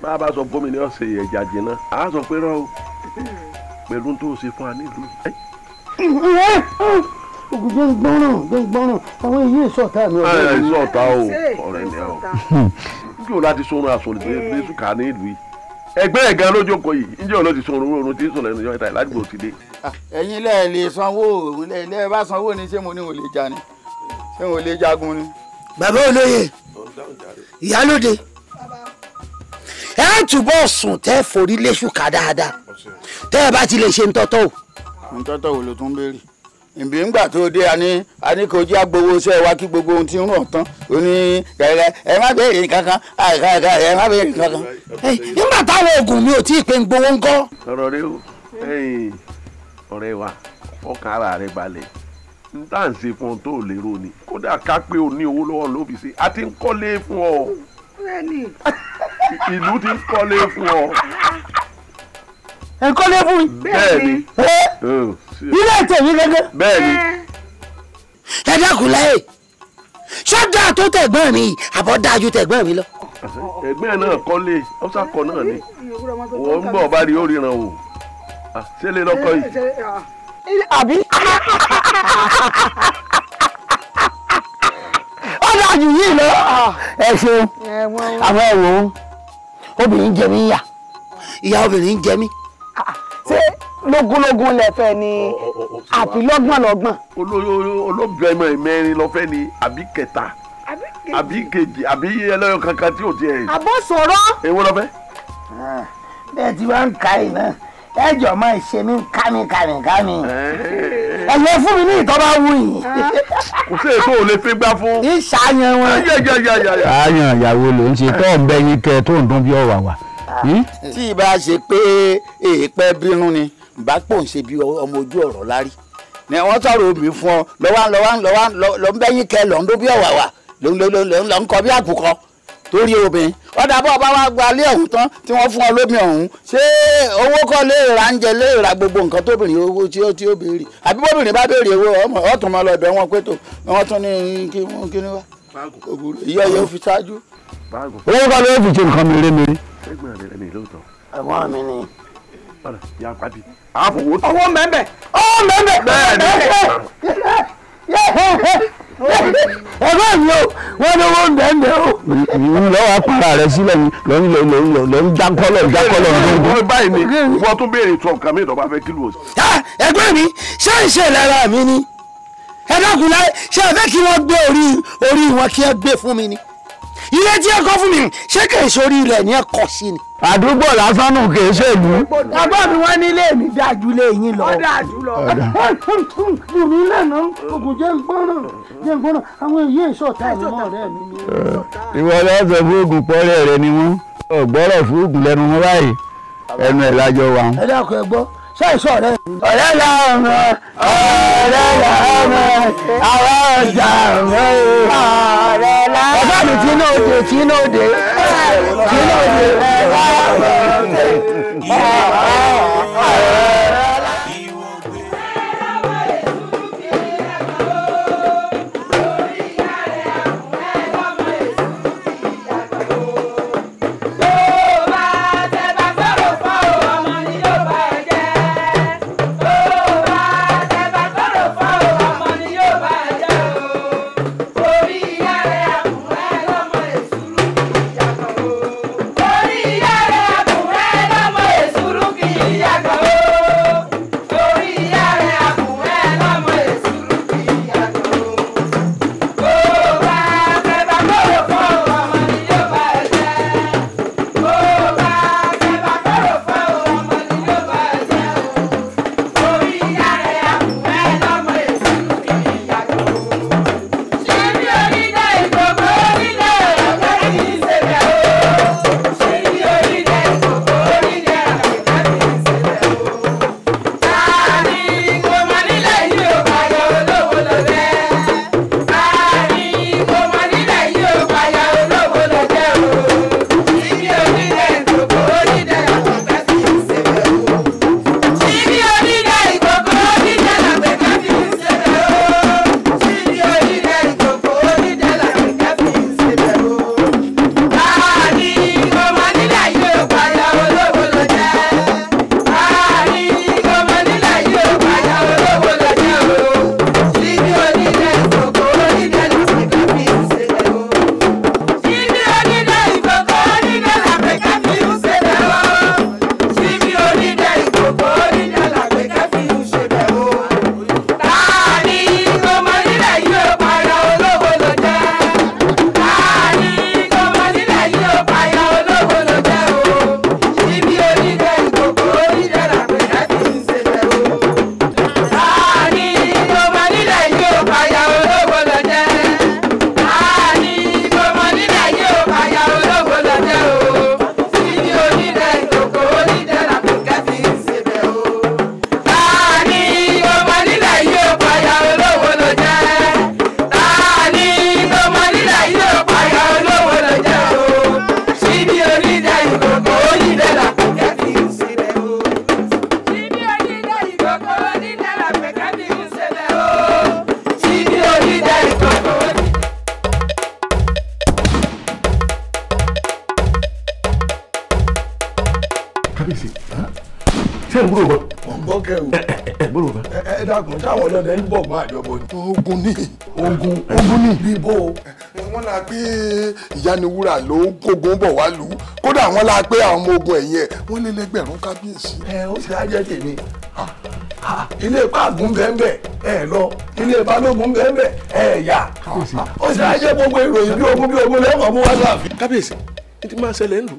bá a bá sọ gómìnà ọ̀sẹ̀ ẹ̀jà jìnnà a sọ pé rọ o pẹ̀lú tó o ṣe fún wa nílùú.
ògùnjẹ́ gbọ́ràn jẹ́ gbọ́ràn àwọn èyí ìṣọ̀tá mi ọ̀rẹ́ mi. ìṣọ̀tá o ọ̀rẹ́
mi o kí o láti sọ̀rọ̀ àsọ̀rọ̀ tó yẹ kí ká nílùú yìí ẹgbẹ́ ẹ̀ gan lójókòó yìí ǹjẹ́ olóòtú sọ̀rọ̀ owó oorun tí ń sọ̀rọ̀ ẹnu yọ̀ọ́ta ìlàdìgbò ti dé. Ah, ẹ̀yin lẹ lè sanwó ilé ẹ bá sanwó ni ṣé mo ní òun lè jà ni ṣé òun lè jagun ni. bàbá olóye ìyálóde ẹ á túbọ̀ sùn tẹ́ forí léṣù ká dáadáa tẹ́ ẹ bá ti lè ṣe ntọ́tọ́ o. ntọ́tọ́ wo ló tún béèrè ìbí ńgbà tó dé ani aníkojú agbowó iṣẹ́ wa kí gbogbo ohun ti ń ràn tán ó ní kẹrẹ ẹ má béèrè kankan àìkáàká ẹ má béèrè kankan. nígbà táwọn oògùn mi ò tí ì pé ń gbowó ń kọ́. sọ̀rọ̀ rẹ o ọ̀rẹ́ wa fọkàn ara rẹ balẹ̀ n tá à fún ọ tó lérò ni kódà ká pé o ní owó lọ́wọ́ ló fi ṣe a ń kọ́lé fún ọ bẹ́ẹ̀ni. ìlú ti kọ́lé fún ọ.
ẹ kọ́lé fún mi. bẹ́ẹ̀ni.
ilé ìtẹ̀wé gẹ́gẹ́. bẹ́ẹ̀ni. ẹ dákun láyè ṣé dáa tó tẹ̀gbọ́n mi àbọ̀ dáa ju tẹ̀gbọ́n mi lọ. ẹgbẹ́ náà kọ́lé ọ́sà kọ́ náà ni wọ́n ń bọ̀ bá rí ó ríran o ṣé lè lọ́kọ́ yìí. àbí jù yìí lọ ẹ ṣeun àwọn ẹ̀wò obìnrin jẹ mí yà ìyá obìnrin jẹ mí. ṣé lógúnlógún lẹ́fẹ̀ẹ́ ni àbí lọ́gbọ̀nlọ́gbọ̀n. olóògbé ọmọ ìmẹ́rin lọ́fẹ́ ni àbí kẹta àbí kejì àbí ẹlẹ́yọ kankan tí ò tiẹ̀. àbọ̀ sọ̀rọ̀. èwo lọ fẹ́. bẹ́ẹ̀ tí ń ka yìí náà kẹjọ máa ṣe mí kánìkánìkánì eh. ẹyẹ fún mi ní ìtọ́ba wù yìí. Ah. kò sí èso ò lè fi gbá fún. ìṣàyàn wọn. Ah, àyàn ìyàwó ló ń ṣe tó ń bẹ yín kẹ tó ń dún bí ọ̀wà wà. Ah. Hmm? tí ìbá ṣe pé èèpẹ̀ bínú ni bá pò ń ṣe bí ọmọ ojú ọ̀rọ̀ lárí ni wọ́n sọ̀rọ̀ omi fún ọ lọ́wọ́ lọ́wọ́ lọ́wọ́ lọ́ ń bẹ́yìn kẹ lọ́ ń dún bí ọ̀wà wà lọ́ ń kọ bí àbùkọ́ torí obìnrin ọ̀dà bọ́ ọba wa gba ilé ọ̀hún tán tí wọ́n fún ọ lómi ọ̀hún ṣé owó kọ́ lè ra ń jẹ lè ra gbogbo nǹkan tóbìnrin owó tí ó tí ó béèrè àbí bóbìnrin bá béèrè owó ọmọ ọ̀tún máa lọ ọ̀dọ̀ wọn pé tó wọn tún ní kí wọn kí ni wá ògùrò ìyá fi ṣáájú. owó kọ́ ló fi ṣe nǹkan mi rémere. ẹ̀gbọ́n mi ni. ọwọ́ mẹ́mẹ́ ọwọ́
mẹ́mẹ́ ẹgbẹ́ mi
o wọ́n ní wọ́n ń bẹ̀ ń bẹ̀ o. lọ́wọ́ apara rẹ sílẹ̀ ni ló ń lọ ń lọ ló ń jákọ́lọ̀ jákọ́lọ̀ ló ń. báyìí ni wọ́n tún béèrè tó nǹkan mi ìdọ̀bà fẹ́ kílò. ẹgbẹ́ mi ṣé ìṣe ìlera mi ni ẹ dákun láì ṣé ẹ fẹ́ kí wọ́n gbé orí orí wọn kí ẹ gbé fún mi ni ilé tí ẹ kọ́ fún mi ṣé kìí sórí ilẹ̀ ní ẹ̀kọ́ sí ni. àdúgbò lásán nù kìí ṣèlú. bàbá mi wá nílé mi dájú lé yín lọ. ó dájú lọ. bùnmi lẹ́nà oògùn jẹ́ ń gbọ́nà jẹ́ ń gbọ́nà àwọn èyí ìṣọ̀tà ìmọ̀ rẹ̀ mi. ìwọ lọ́sọ̀ fún oògùn pọ́lẹ̀ rẹ ni wọ́n gbọ́rọ̀ fún oògùn lẹ́nu wọn báyìí ẹnu ẹ̀ lájọ wa. ẹ dákun ẹ gbọ́ ṣáìsọ ọ̀rẹ́ mi. ọ̀rẹ́ la mọ̀
ọ̀rẹ́ la mọ̀ àwọn ọjà mọ̀ ọ̀rẹ́ la mọ̀. ọ̀gá mi tí inú òde tí
pàdé ọmọ ni. ogun ni ogun ogun ni. bíbó wọn la pé ìyániwúrà ló ń kógun bọ̀ wá lù ú kódà wọn la pé àwọn ọmọ ogun ẹ̀yìn ẹ̀ wọ́n lé lẹ́gbẹ̀rún kábíyèsí. ẹ ó sì á jẹ́ tèmi ilé pàgùn bẹ́ẹ̀ ẹ lọ ilé balógun bẹ́ẹ̀ ẹ yà ó sì á gbogbo ìròyìn bí ogun bí ogun lẹ́kọ̀ọ́ mú wá láàfin. kábíyèsí ní ti máa ṣẹlẹ̀ ń lù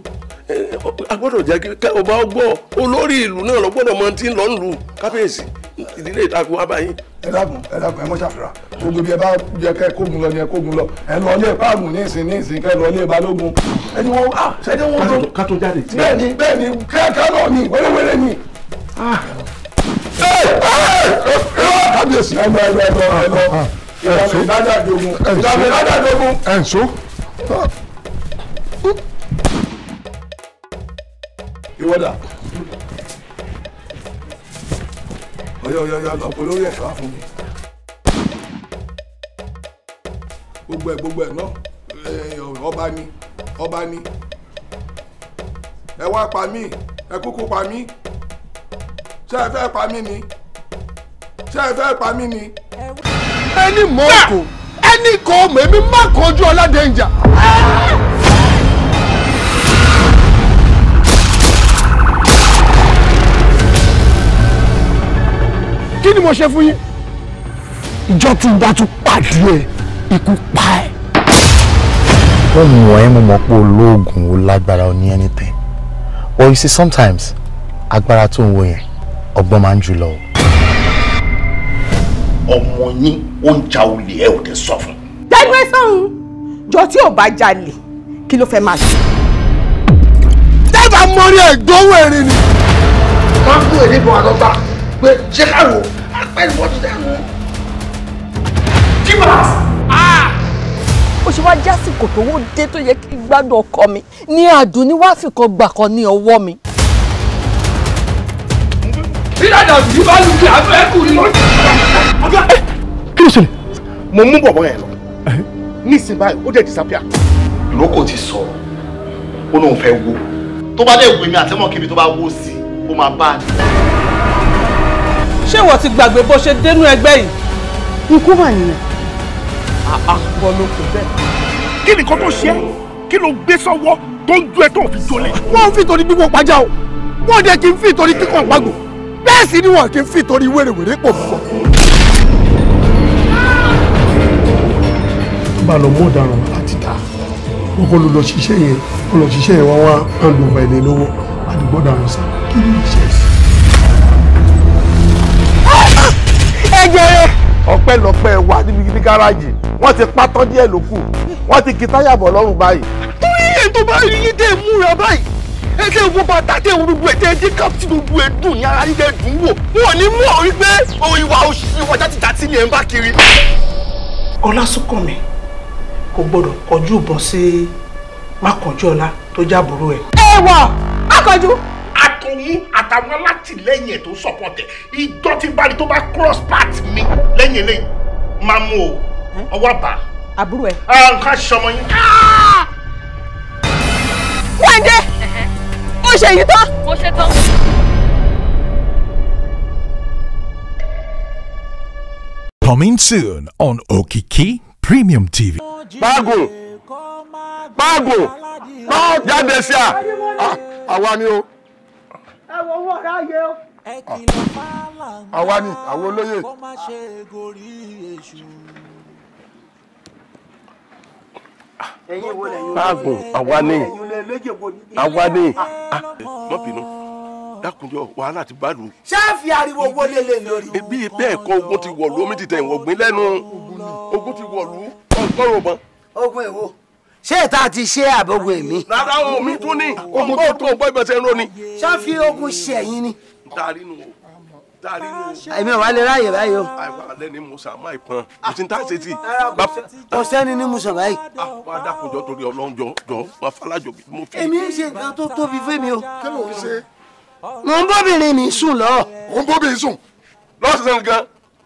a gbọ́dọ̀ jẹ́ kí ọba gbọ́ olórí ìlú náà lọ gbọ́dọ̀ mọ ti ń lọ lù kábíyèsí ìdílé ìtakùn abáyín dákun ẹ dákun ẹ mọ́ ṣàfihàn gbogbo bí ẹ bá jẹ kẹ́ kógun lọ ni ẹ kógun lọ ẹ lọ ilé páàmù ní ìsìn ní ìsìn kẹ́ lọ ilé balógun ẹ ní wọn ah ṣe ní wọn tó kátó jáde tí. bẹ́ẹ̀ni bẹ́ẹ̀ni kẹkẹ náà ni wẹrẹwẹrẹ ni. kábíyèsí ẹ lọ ẹ lọ ẹ lọ ìlànà ìdájà dogun ìlànà ìdájà dogun. ẹ̀ ń so. ọyọ ọyọ ọyọ lọ polówó yẹ ká fún mi. gbogbo ẹ gbogbo ẹ náà ọba ni ọba ni ẹ wá pa mí ẹ kúkú pa mí ṣé ẹ fẹ́ pa mí ni ṣé ẹ fẹ́ pa mí ni. ẹni mọ́ọ̀kù ẹni kò mọ̀ èmi má kọjú ọládẹ́njà. kí ni mo ṣe fún yín. ìjọ tí n bá tún pàdé ẹ ikú pa ẹ. mo mọ̀ ẹ́ mo mọ̀ pé olóògùn ó lágbára ó ní anything but you see sometimes agbára tó ń wo yẹn ọgbọ́n máa ń jù lọ. ọmọ yín ó ń ja olè ẹ ò dé sọ fún.
tẹnu ẹ sọhùn jọ tí ò bá
jalè kí ló fẹ́ máa ṣe. dábàá mọ́rí ẹ̀ gbówó erin ni. máa ń kó èrè bọ̀ àlọ́gbà pé ṣé káwọ́ pariwo tó dànù.
Jibas! Ó ṣe wá jásìkò tó wó dé tó yẹ kí gbádùn ọkọ mi ní àdùn ni wá fìkan gbà kan ní ọwọ́ mi.
Bílàdà yìí bá lu kí àbẹ́ kù ní. Kí ló ṣẹlẹ̀? Mo mú bọ̀bọ̀ yẹn lọ. Nísìnyí báyìí ó dẹ̀ disappear. Ìrókò ti sọ̀rọ̀, ó lóun fẹ́ wo. Tó bá dẹ̀ wo èmi àtẹ́mọ̀ kébi tó bá wó sí ó máa bá a ṣé ìwọ ti gbàgbé bó ṣe dénú ẹgbẹ́ yìí.
ikú mà nìyẹn.
àpò ah, ah, ló kò bẹ́ẹ̀. kí ni nǹkan tó ṣe é kí ló gbé sọ́wọ́ tó ń ju ẹ tó fi jolẹ̀. wọ́n ń fi torí gbígbó pàjá o wọ́n dẹ̀ kí n fi torí kíkàn pàgbò bẹ́ẹ̀ sì ni wọ́n kì í fi torí wèrèwèrè pò púpọ̀. bá a lọ mú ọ̀daràn láti ta wọn kò lọ lọ ṣiṣẹ́ yẹn wọn lọ ṣiṣẹ́ yẹn wá wá hàn lóba ẹni lọ́wọ́ àdìgbọ́dà ẹ jẹrẹ. ọpẹ́ lọpẹ́ wà níbi ní gáràjì wọ́n ti pátán díẹ̀ ló kù wọ́n ti kí táyà bọ̀ lọ́rùn báyìí. torí èyí tó bá rí yín tẹ́ múra báyìí ẹ tẹ́ wo bàtà tẹ́ wo gbogbo ẹ̀ tẹ́ dé kápítì gbogbo ẹ̀ dùn yàrá yín tẹ́ dùn wò wọn ò ní mú ọ wípé òun ìwà òṣìṣẹ́ ìwà jáde jàti ni ẹ̀ ń bá kiri. ọlásùnkànmí kò gbọdọ̀ kọjú ìbọn sí mákànjú ọlá tó jábòrò ẹ̀. ẹ wọ akọjú àtòun àtàwọn alátìlẹ́yìn ẹ̀ tó sọ̀pọ̀tẹ̀ ìjọ tí bá rí tó bá cross path mi lẹ́yìn eléyìí máa mú o ọwọ́ bá. àbúrò ẹ. nǹkan
ṣọmọ yín. Ah! wáńdé ó ṣe yìí tán. mo ṣe tán.
Coming soon on Okiki Premium TV.
Báàgùn!
Báàgùn! Báàgùn jáde sí à! Ah, àwa ni o ẹ wo owó ọ̀rá yẹ o. ẹ kìlọ̀ fàlànà àwa ni àwọn olóyè. kó
má ṣe gorí èṣù.
ẹ̀yin wo lẹ́yìn olóyè. báàgùn àwa ni àwa ni. Ah, ah, má bínú dákunjọ wàhálà ti bá lù. ṣáàfì ariwo wọlé lè lórí. ebi bẹ́ẹ̀ kọ́ ogun ti wọ̀lú omi ti tẹ̀ ìwọ̀gbìn lẹ́nu ogun ti wọ̀lú ọ̀gbọ́n ògbọ́n. ogun èwo ṣé ìta ti ṣe àbọ̀gbọ̀ èmi. rárá omi tún ní ogun tó tó bọ́ ìbẹ̀sẹ̀ ló ni. ṣáfi ogun ṣe ẹ̀yìn ni. darí nu o darí nu o. èmi ò wá lè ráàyè báyìí o. àìwá alẹ́ ni musa máa ì pọn àti ní táṣe sí. kò sẹ́ni ní musa báyìí. àwọn adakùnjọ torí ọlọ́run jọ jọ wà fàlájọ bí mo fi. èmi ń ṣe nǹkan tó tóbi fún mi o. kí ló ń ṣe. mo ń bóbìnrin mi sùn lọ. mo ń bóbìnrin sùn lọ́sàn-án gan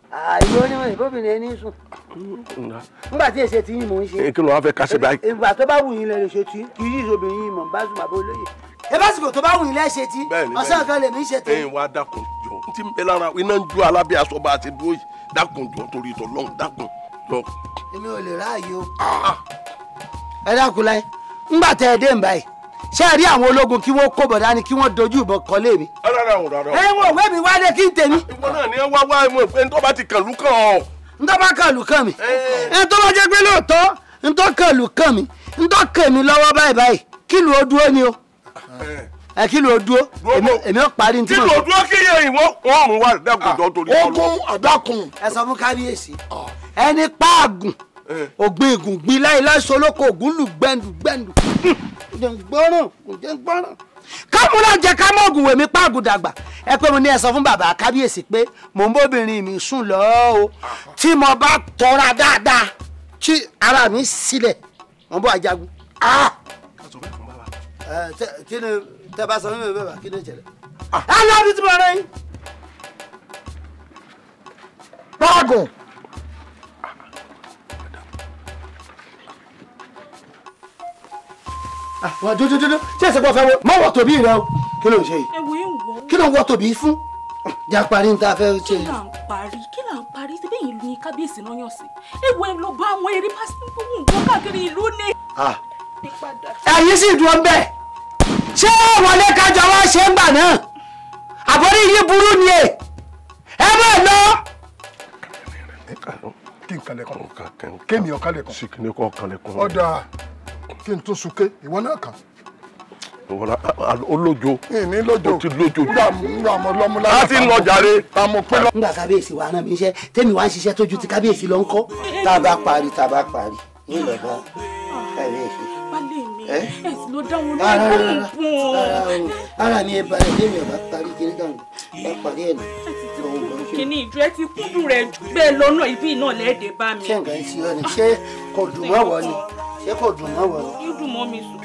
àyè ah, onímọ̀ ìbóbìnrin ẹni sùn. nígbà tí èsè tí yín mò ń ṣe. èké eh, ló wá fẹ́ kásẹ̀ báyìí. Eh, ìgbà tó bá wù yín lẹ́nu ṣe tí kì í yí ìṣòbìnrin yín mọ̀ bá sùn bàbá olóye. ẹ bá sìkò tó bá wù yín lẹ́ ṣe tí ọ̀sán kan lèmi ṣe tí. ẹyin eh, wá dákun jọ n ti bẹ lára iná ń ju alábẹ́ aṣọ bá a ti dúró yìí dákun jọ torí ìtọ́ lọ́hùn dákun jọ. èmi ò lè ráàyè o. Ah. ẹ dákun láyé ńgbà tẹ ẹ dé ń báyìí ṣé rí àwọn ológun kí wọ́n kó bọ̀dá ni kí wọ́n dojú ìbọn kọ lé mi. rárá o rárá o. ẹ wọ òwe mi wálé kí n tèmi. ìwọ náà ni ẹ wá wá ẹmu pé ntọ́ bá ti kàlù kàn ọ́. ntọ́ bá kàlù kàn mí. ẹ tó bá jẹ́ pé lóòótọ́ ntọ́ kàlù kàn mí ntọ́ kàn mí lọ́wọ́ báyìí báyìí kí lu dúró ni o ẹ kí ló dúró èmi ò parí ntí kí ló dúró kí yẹ ìwọ ọrùn wa dẹkùn dọ torí ọlọ. ogun àdàkùn. ẹ sọ fún kábíyèsí ògbìn ìgùngbìn láyé láṣọ olóko ògùn lù gbẹ̀ndù gbẹ̀ndù kò jẹ́ ń gbọ́ràn kò jẹ́ ń gbọ́ràn kámú náà jẹ kámú ògùn wèmí páàgùn dàgbà ẹ pé mo ní ẹ sọ fún bàbá kábíyèsí pé mò ń bóbìnrin mi sùn lọ o tí mo bá tọra dáadáa tí ara mi sílẹ̀ mo bọ ajagun. kí ni tẹ bá sọ fún mi bàbá kí ni ìṣẹ̀lẹ̀. ẹ ah. lọ́ọ́ bí tí mo rẹ yín. páàgùn. àwọn àjòjòjòjò tí èsì pọ̀ fẹ́ wọ má wọ tòbí rẹ o kí ló ń ṣe
yìí kí ló ń wọ
tòbí fún ah, jà parí níta fẹ́ ṣe. kí là
ń parí kí là ń parí ṣe bẹ́ẹ̀ ìlú ni kábíyèsí náà yàn sí ewu ẹ lọ bá àwọn eré pásítọ̀ ń bọ́ káàkiri ìlú ni. Ah. ẹ̀yin sì dúró ń bẹ̀ ṣé wọlé kájọ wá ṣe ń gbà náà àbọ̀rí yìí burú ni ẹ ẹ bẹ́ẹ̀ lọ.
kí n kalẹ̀ kan kémi ọ̀kalẹ̀ kan ọ̀dà kí n tó sunké ìwọ náà kàn. olójo ìní ti lójo ju. a ti lọ jàre. nígbà kábíyèsí wa rán mi iṣẹ́ tèmi wá ń ṣiṣẹ́ tójú ti kábíyèsí lọ ń kọ́. tá a bá parí tá a bá parí ní ìlọ́ba kábíyèsí. wálé mi ẹ
sì ló dáwọn olóyún pọ̀. ara ni ẹ bá ẹ lémi ọba parí kiri kan bá parí ẹ lọ kìíní ìjọ ẹ ti kúndùn rẹ gbé lọ́nà ibi náà lẹ́ẹ̀dẹ̀ bá mi. ṣé nǹkan ń ni ṣé kò dùn mọ́ wọ ṣé kò dùn mọ́ wẹ̀rọ. yóò dùn mọ́ mi sùn.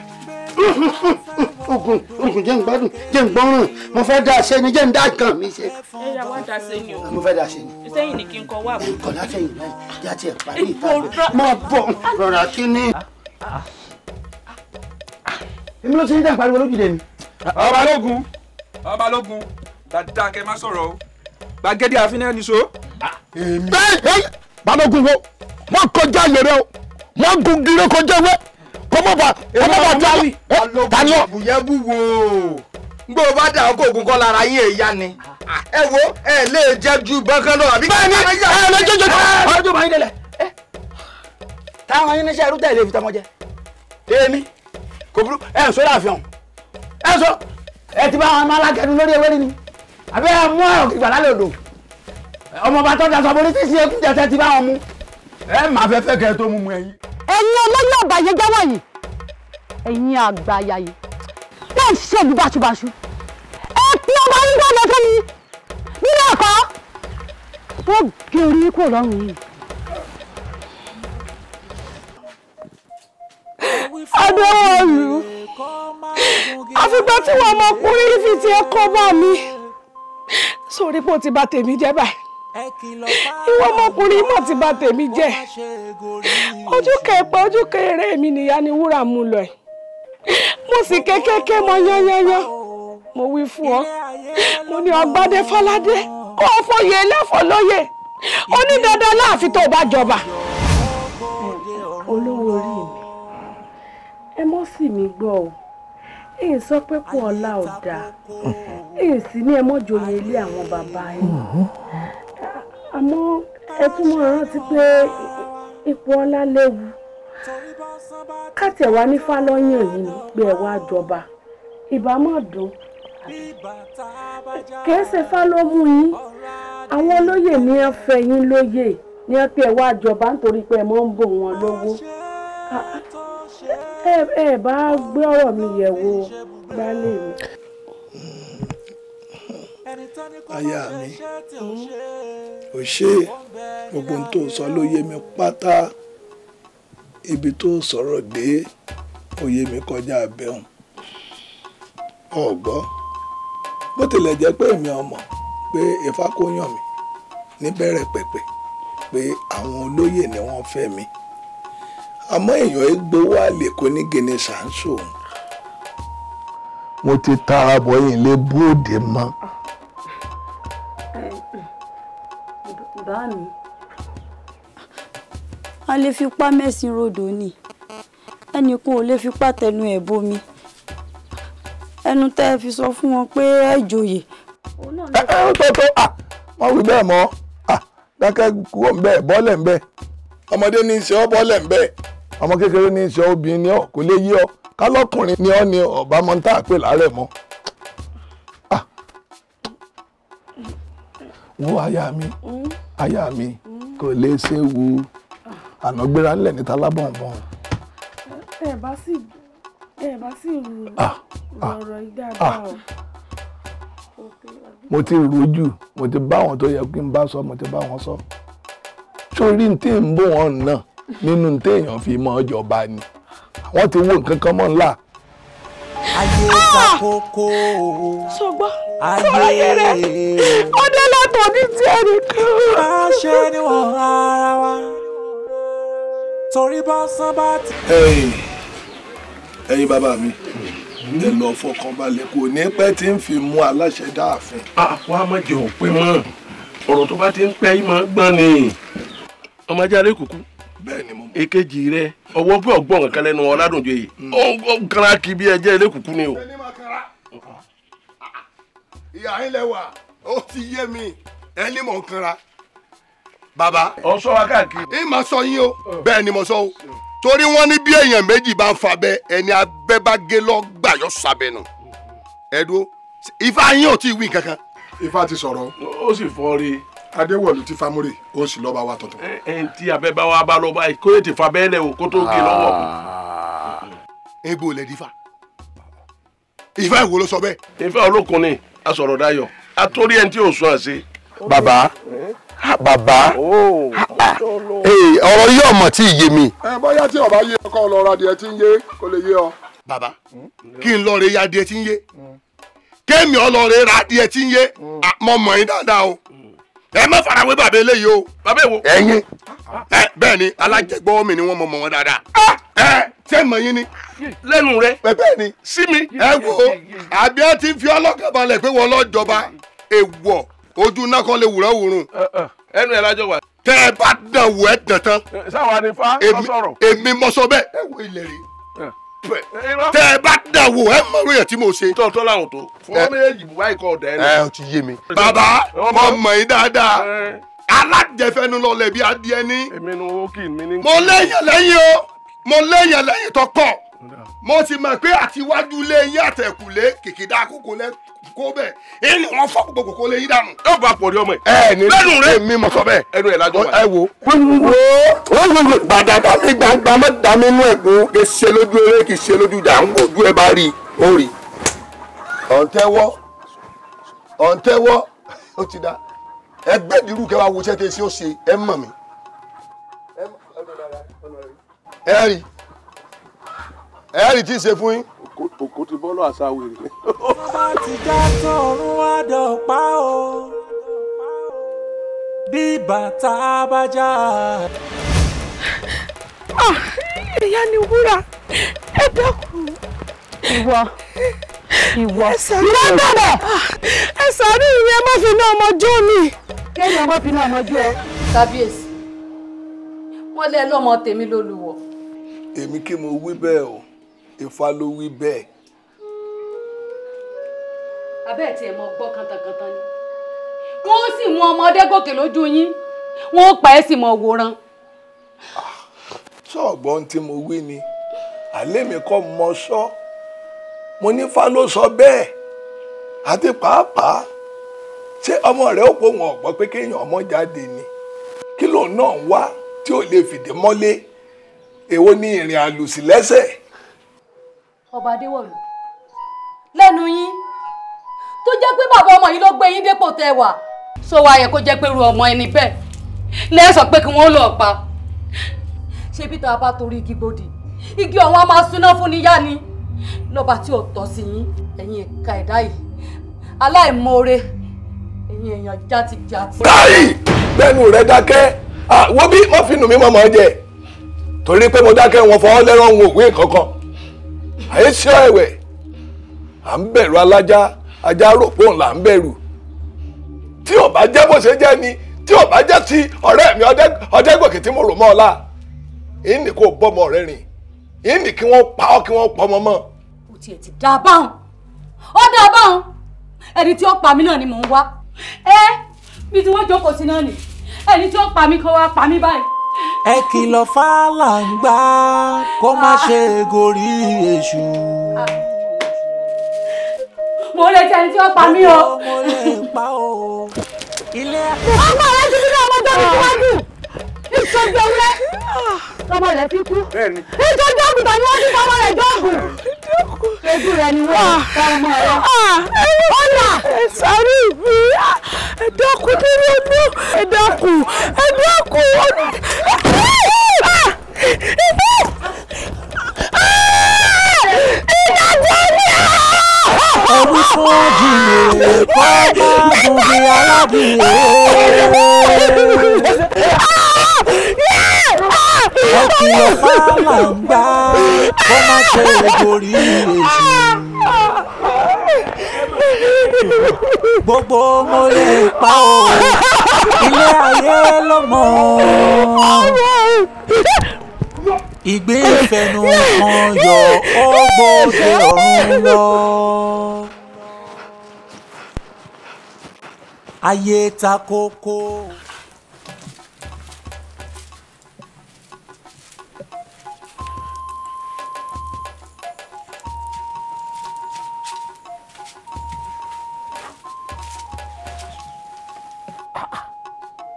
ogun ogun jẹ́ ń gbádùn jẹ́ ń gbọ́ràn mo fẹ́ dá ṣe ni jẹ́ ń dá nǹkan mi ṣe.
ẹ yà wá dá ṣe ni o. mo fẹ́ dá ṣe ni. sẹ́yìn ni kí n kọ wá. kọ̀ látẹ̀yìn náà
ìjà tiẹ̀ parí ìta máa bọ̀ rọra kí ni. èmi ló ṣe ń dá ìpariwo lójúde mi. Ọbalógun Ọbalógun dáadáa kẹ má sọ̀rọ̀ o gbàgede àfin náà ni so. Balógun wo mo kọjá yẹrẹ o má gun gire kọjá wẹ́ kọ́mọ́bà kọ́mọ́bà tí a lọ ta lọ. bùyẹ́ bù wò ó gbé o bá dà ọkọ̀ ògùn kọ́ lára yín èyá ni ẹ wo ẹ lè jẹ́ ju bọ́kán náà àbí. bẹ́ẹ̀ni ẹ lè jọjọ jọ ọ̀rọ̀ jọba yín délẹ̀ táwọn yín níṣẹ́ irúta ìlẹ̀ ìfitamọ́ jẹ èmi kò burú ẹ sọ láàfin ọ̀hún ẹ sọ ẹ ti bá àwọn ọmọ alágẹnu lórí ewé ni àbí ẹ mú ọ̀rọ̀ kìgbà lálẹ́ odò ọmọ bàtọ́
dasọ̀ borí tí ì ẹ máa fẹ́ fẹ́ kẹ́ ẹ tó mú mu ẹyin. ẹ̀yin olóyún àbàyè jáwọ́ yìí ẹ̀yin àgbà àyà yìí wọ́n ṣe ìlú báṣubàṣu ẹ pé ọmọ yín gbọ́dọ̀ fún mi nílẹ̀ ẹ̀kọ́ ó gé orí kúrò lọ́rùn yìí. adéwọ̀lù àfìgbà tí wọn ọmọkùnrin fi ti ẹ bá mi sórí pé ó ti bà tèmi jẹ́ báyìí ìwọ ọmọkùnrin mọ̀ ti bà tèmi jẹ́ ojú kẹpẹ ojú kẹrẹ mi nìyá ni wúrà mu lọ ẹ̀ mo sì kékeré mọ yányányán mo wí fún ọ mo ní ọgbádé fọládé kó o fòye ẹlẹ́fọ̀ lóye onídandan láàfin tó o bá jọba. olówó orí mi ẹ mọ́ sí mi gbọ́ o èyí sọ pé kó ọlá ò èyí sì ní ẹ mọ́ joyè ilé àwọn bàbá yín. Mm-hmm àmọ́ ẹ tún mọ̀ rántí pé ipò ọlá léwu kátẹ̀wá ní fálọ́yàn yìí ni pé ẹ wá jọba ìbámọ̀ dùn kìí ṣe fálọ́mù yín àwọn olóyè ní ẹ fẹ́ yín lóyè ní ẹ pé ẹ jọba nítorí pé ẹ mọ̀ ń bò wọ́n lówó ẹ bá gbé ọ̀rọ̀ mi yẹ̀ wò gbálẹ̀ mi
aya mi ò hmm. ṣe gbogbo tó sọ ló yé mi pátá ibi tó sọ̀rọ̀ dé ó yé mi kọjá abẹ́hùn ọ̀gbọ́ bó tilẹ̀ jẹ́ pé èmi ọmọ pé Ifá kó níbẹ̀rẹ̀ pẹ̀pẹ̀ pé àwọn olóyè ni wọ́n fẹ́ mi àmọ́ èèyàn gbowó àlè kò ní gène ṣàǹṣó. mo ti ta ààbọ̀ yìí lé bóde mọ́. Ah.
bàbá mi. a lè mẹ́sìn rodò ni ẹnìkan ò lè fipá tẹnu ẹ̀ bomi ẹnu tẹ́ fi sọ fún wọn pé ẹ jòyè.
ẹ ẹ tó tó wọ́n wí bẹ́ẹ̀ mọ́ dákẹ́ kúrò ń bẹ́ẹ̀ bọ́ọ̀lẹ̀ ń bẹ́ẹ̀ ọmọdé ní í ṣe ọ́ ń ọmọ ni ọ kò lè yí ni ọ ni ọba wo aya mm. aya mi kò lè ṣe wu àná gbéra ńlẹ̀ níta lábọ̀n mọ́.
ẹ bá sì ẹ bá sì rú ah, ah, ọ̀rọ̀ dáadáa ah.
o. mo ti rú jù mo ti bá àwọn tó yẹ kí n bá sọ mo ti bá wọn sọ sórí tí ń bò wọn náà nínú téèyàn fi mọ ọjọba ni wọ́n ti wo nǹkan kan mọ́ ńlá. ayé ta kókó.
sọgbọ́n sọ̀rọ̀ yẹrẹ ó ní tí ẹnì kan. a
ṣe ni wọ́n ara wa torí bá sán bá ti. ẹ̀yin bàbá mi ẹ lọ fọkàn balẹ̀ kò ní pẹ́ tí ń fi mú aláṣẹ dáàfin. àwọn ah, amájẹ ò pé mọ́ ọ̀rọ̀ tó bá ti ń pẹ́ yìí máa ń gbọ́n ni ọmọ ajá lè kúkú èkejì rẹ ọwọ́ pé ọgbọ́n kankan lẹ́nu ọ̀làdùnjọ yìí hmm. ó ń kára kí bí ẹjẹ́ ilé kúkú ni o. ìyá yín lẹ wà ó ti yé mi ẹni mọ̀ nǹkan ra bàbá. ọ sọ wa káàkiri. ẹ máa sọ yín o bẹ́ẹ̀ ni mo sọ o torí wọ́n ní bí èèyàn méjì bá ń fabẹ́ ẹni abẹ́ bá gé lọ gbàyọ sábẹ́ nù ẹ dúró ifá yín ò tí ì wí kankan. ifá ti sọ̀rọ̀ ó sì fọ́ rí i adéwọ̀lù ti famúre ó sì lọ́ba wa tọ̀tọ̀. ẹ ẹ tí abẹ́ bá wa bá lọ báyìí kó lè ti fa bẹ́ẹ̀ lẹ̀ o kó tó gé lọ́wọ́ kù. Ah. ebo lẹ di fa ifá ìwo ló sọ bẹ́ẹ̀. ifá olókun ni a sọ̀rọ̀ dayọ̀. Atori ẹni tí ò sún àṣe. Baba. bàbá eh? oh. ah. ọ̀rọ̀ yóò mọ̀ tí ì yé mi. ẹ eh, bóyá tí ọba yé ọkọ lọ radìẹ tí ń yé kó lè yé ọ. bàbá hmm? kí n lọ rè ya adìẹ tí ń yé hmm. kéèmì ọlọrẹ radìẹ tí ń yé mọ hmm. ah, mọ yín dáadáa o ẹ má farawé bàbá eléyìí o bàbá èwo. ẹyin eh, bẹ́ẹ̀ ni alájẹgbọ́ mi ni wọ́n mọ̀ mọ̀ wọ́n dáadáa ah! ṣé mọ̀ yín ni. lẹ́nu rẹ bẹ́ẹ̀ ni sí mi. ẹ wo àbí ẹ ti fi ọlọ́kàn pé wọ́n lọ́ọ́ jọba èèwọ̀ ojú náà kan lè wùrọ̀ wùrùn. ẹnu ẹ̀ lájọ wà. tẹ ẹ bá dàn wọ ẹ dàn tán. sáwa ni fa lọ sọ̀rọ̀. èmi mọ sọ bẹ́ẹ̀. ẹ wo ilẹ̀ rẹ̀ tẹ ẹ bá dàn wọ ẹ mọ orí ẹ tí mo ṣe. tọ́tọ́ làwọn tó fún ọmọ èyí báyìí kọ́ ọ̀dà ẹ lọ. ẹ o ti yé mi. bàbá mo mọ̀ yín dáadáa alájẹfẹnu lọlẹ bíi adìẹ ní. èmi ni wọ́n kì í mi ní. mo lẹ́yìn lẹ́yìn o mo lẹ́yìn lẹ́yìn tó kọ̀ mo ti mọ̀ pé àtiwájú lé yín àtẹ̀kùlé kìkìdá àkókò lẹ kó bẹ́ẹ̀ èyí ni wọ́n fọ́ gbogbo kó lé yín dànù. yóò bá pọ̀ ní ọmọ ẹ̀. ẹ ní lẹ́nu rẹ mi mọ̀ sọ bẹ́ẹ̀. ẹnu ẹ̀ lájọ wa. ẹ wo. wo bàdàdà mi gbàgbà mọ́ dàmí kì í ṣe lójú eré kì í ṣe lójú ìjà ń wojú ẹ bá rí i ó rí i. ọ̀ǹtẹ́wọ́ ọ̀ǹtẹ́wọ́ ó ti da ẹgbẹ́ ìdírú kẹwàá wo ṣẹ́ tẹ́ ṣe ó ṣe ẹ mọ̀ mi. ẹ rí i ẹ rí tí ń ṣe fún yín. òkú ti bọ́ lọ àṣà wèrè. bàbá ti
já tọrún àdọ̀pá o bí bàtà bá já. Ah, ìyá ni wúrà
ẹ dákun. ìwọ ìwọ ìwọ dàbọ̀ ah, ẹ sàárì ìyẹn má fi náà mọ jó mi. kéèyàn má fi náà mọ jó ẹ. kábíyèsí wọn lé ẹ lọmọ tèmi lólùwọ.
èmi kí mo wí bẹ́ẹ̀ o. Ifá ló wí bẹ́ẹ̀.
abẹ́ ẹ̀ tí ẹ mọ gbọ́ kántankantan ni wọ́n sì mú ọmọdé gòkè lójú yín wọ́n pa ẹ́ sì mọ wòran.
sọ̀gbọ́n tí mo wí ni àlẹ́ mi kọ́ mọ sọ mo ní Ifá ló sọ bẹ́ẹ̀ àti pàápàá ṣé ọmọ rẹ̀ ó pò wọn ọ̀gbọ́n pé kéèyàn ọmọ jáde ni kí lòun náà ń wá tí ò lè fìdí mọ́lé èwo ni ìrìn àlùsí
lẹ́sẹ̀ ọba adéwọ̀lú lẹ́nu yín tó jẹ́ pé bàbá ọmọ yìí ló gbé yín dépò tẹ́ wà so kó jẹ́ pé ru ọmọ ẹni bẹ́ẹ̀ lẹ́ẹ̀ pé kí wọ́n lọ pa ṣé bí tá a bá torí igi gbòdì igi ọ̀hún a máa súná fún níyà ni lọ́ba tí ò tọ́ sí yín ẹ̀yin ẹ̀ka ẹ̀dá yìí aláìmoore ẹ̀yin èèyàn játijàti. káyì
bẹ́ẹ̀nu rẹ dákẹ́ wọ́n bí wọ́n fi nù mí mọ̀mọ́ jẹ torí pé mo dákẹ́ wọn fọwọ́ lẹ́rọ̀ ń wò wí kankan àyésíọ́ ẹ̀wẹ̀ à ń bẹ̀rù alájá ajá rò pé òun là ń bẹ̀rù tí ò bá jẹ́ bó ṣe jẹ́ ni tí ò bá jẹ́ ti ọ̀rẹ́ mi ọ̀dẹ́gbòkè tí mo rò mọ́ ọ la èyí ni kò bọ́ ọmọ rẹ rìn èyí ni kí wọ́n pa ọ́ kí wọ́n pọ́ ọmọ mọ́.
ó tiẹ̀ ti dá a báhùn ó dá a báhùn ẹni tí ó pa mí náà ni mò ń wá ẹ bí tí wọ́n jókòó sí náà ni ẹni tí ó pa mí kó wá pa mí báyìí
ẹ kìlọ̀ fàlàǹgbà kó má ah. ṣe
gorí èṣù.
mo lè tẹni tí ó pa mí o. mo lè pa o. ilé. ọmọ rẹ ti fi ní ọmọ tó ti wájú ìtọ́jú ewúrẹ́ lọ́mọ rẹ̀ fi kú ìtọ́jú àgùntàn ni wọ́n ti fọmọ rẹ̀ jọ́ọ̀gùn ojú rẹ̀ ni wọ́n fọmọ rẹ̀ ọ̀là. Ah, sáré mi ẹ̀dọ́kùn nínú inú ẹ̀dọ́kùn ẹ̀dọ́kùn ọdún. Ẹ̀rù fún
jìnnà kọ́ bá gbogbo aládùn. wọ́n kìlọ̀ fáláńgbá kó má ṣe é borí èṣù. gbogbo mo lè pa o ilé ayé ló mọ̀ ìgbé ìfẹnu kan yọ ó gbòde ọ̀run lọ. ayé ta kókó.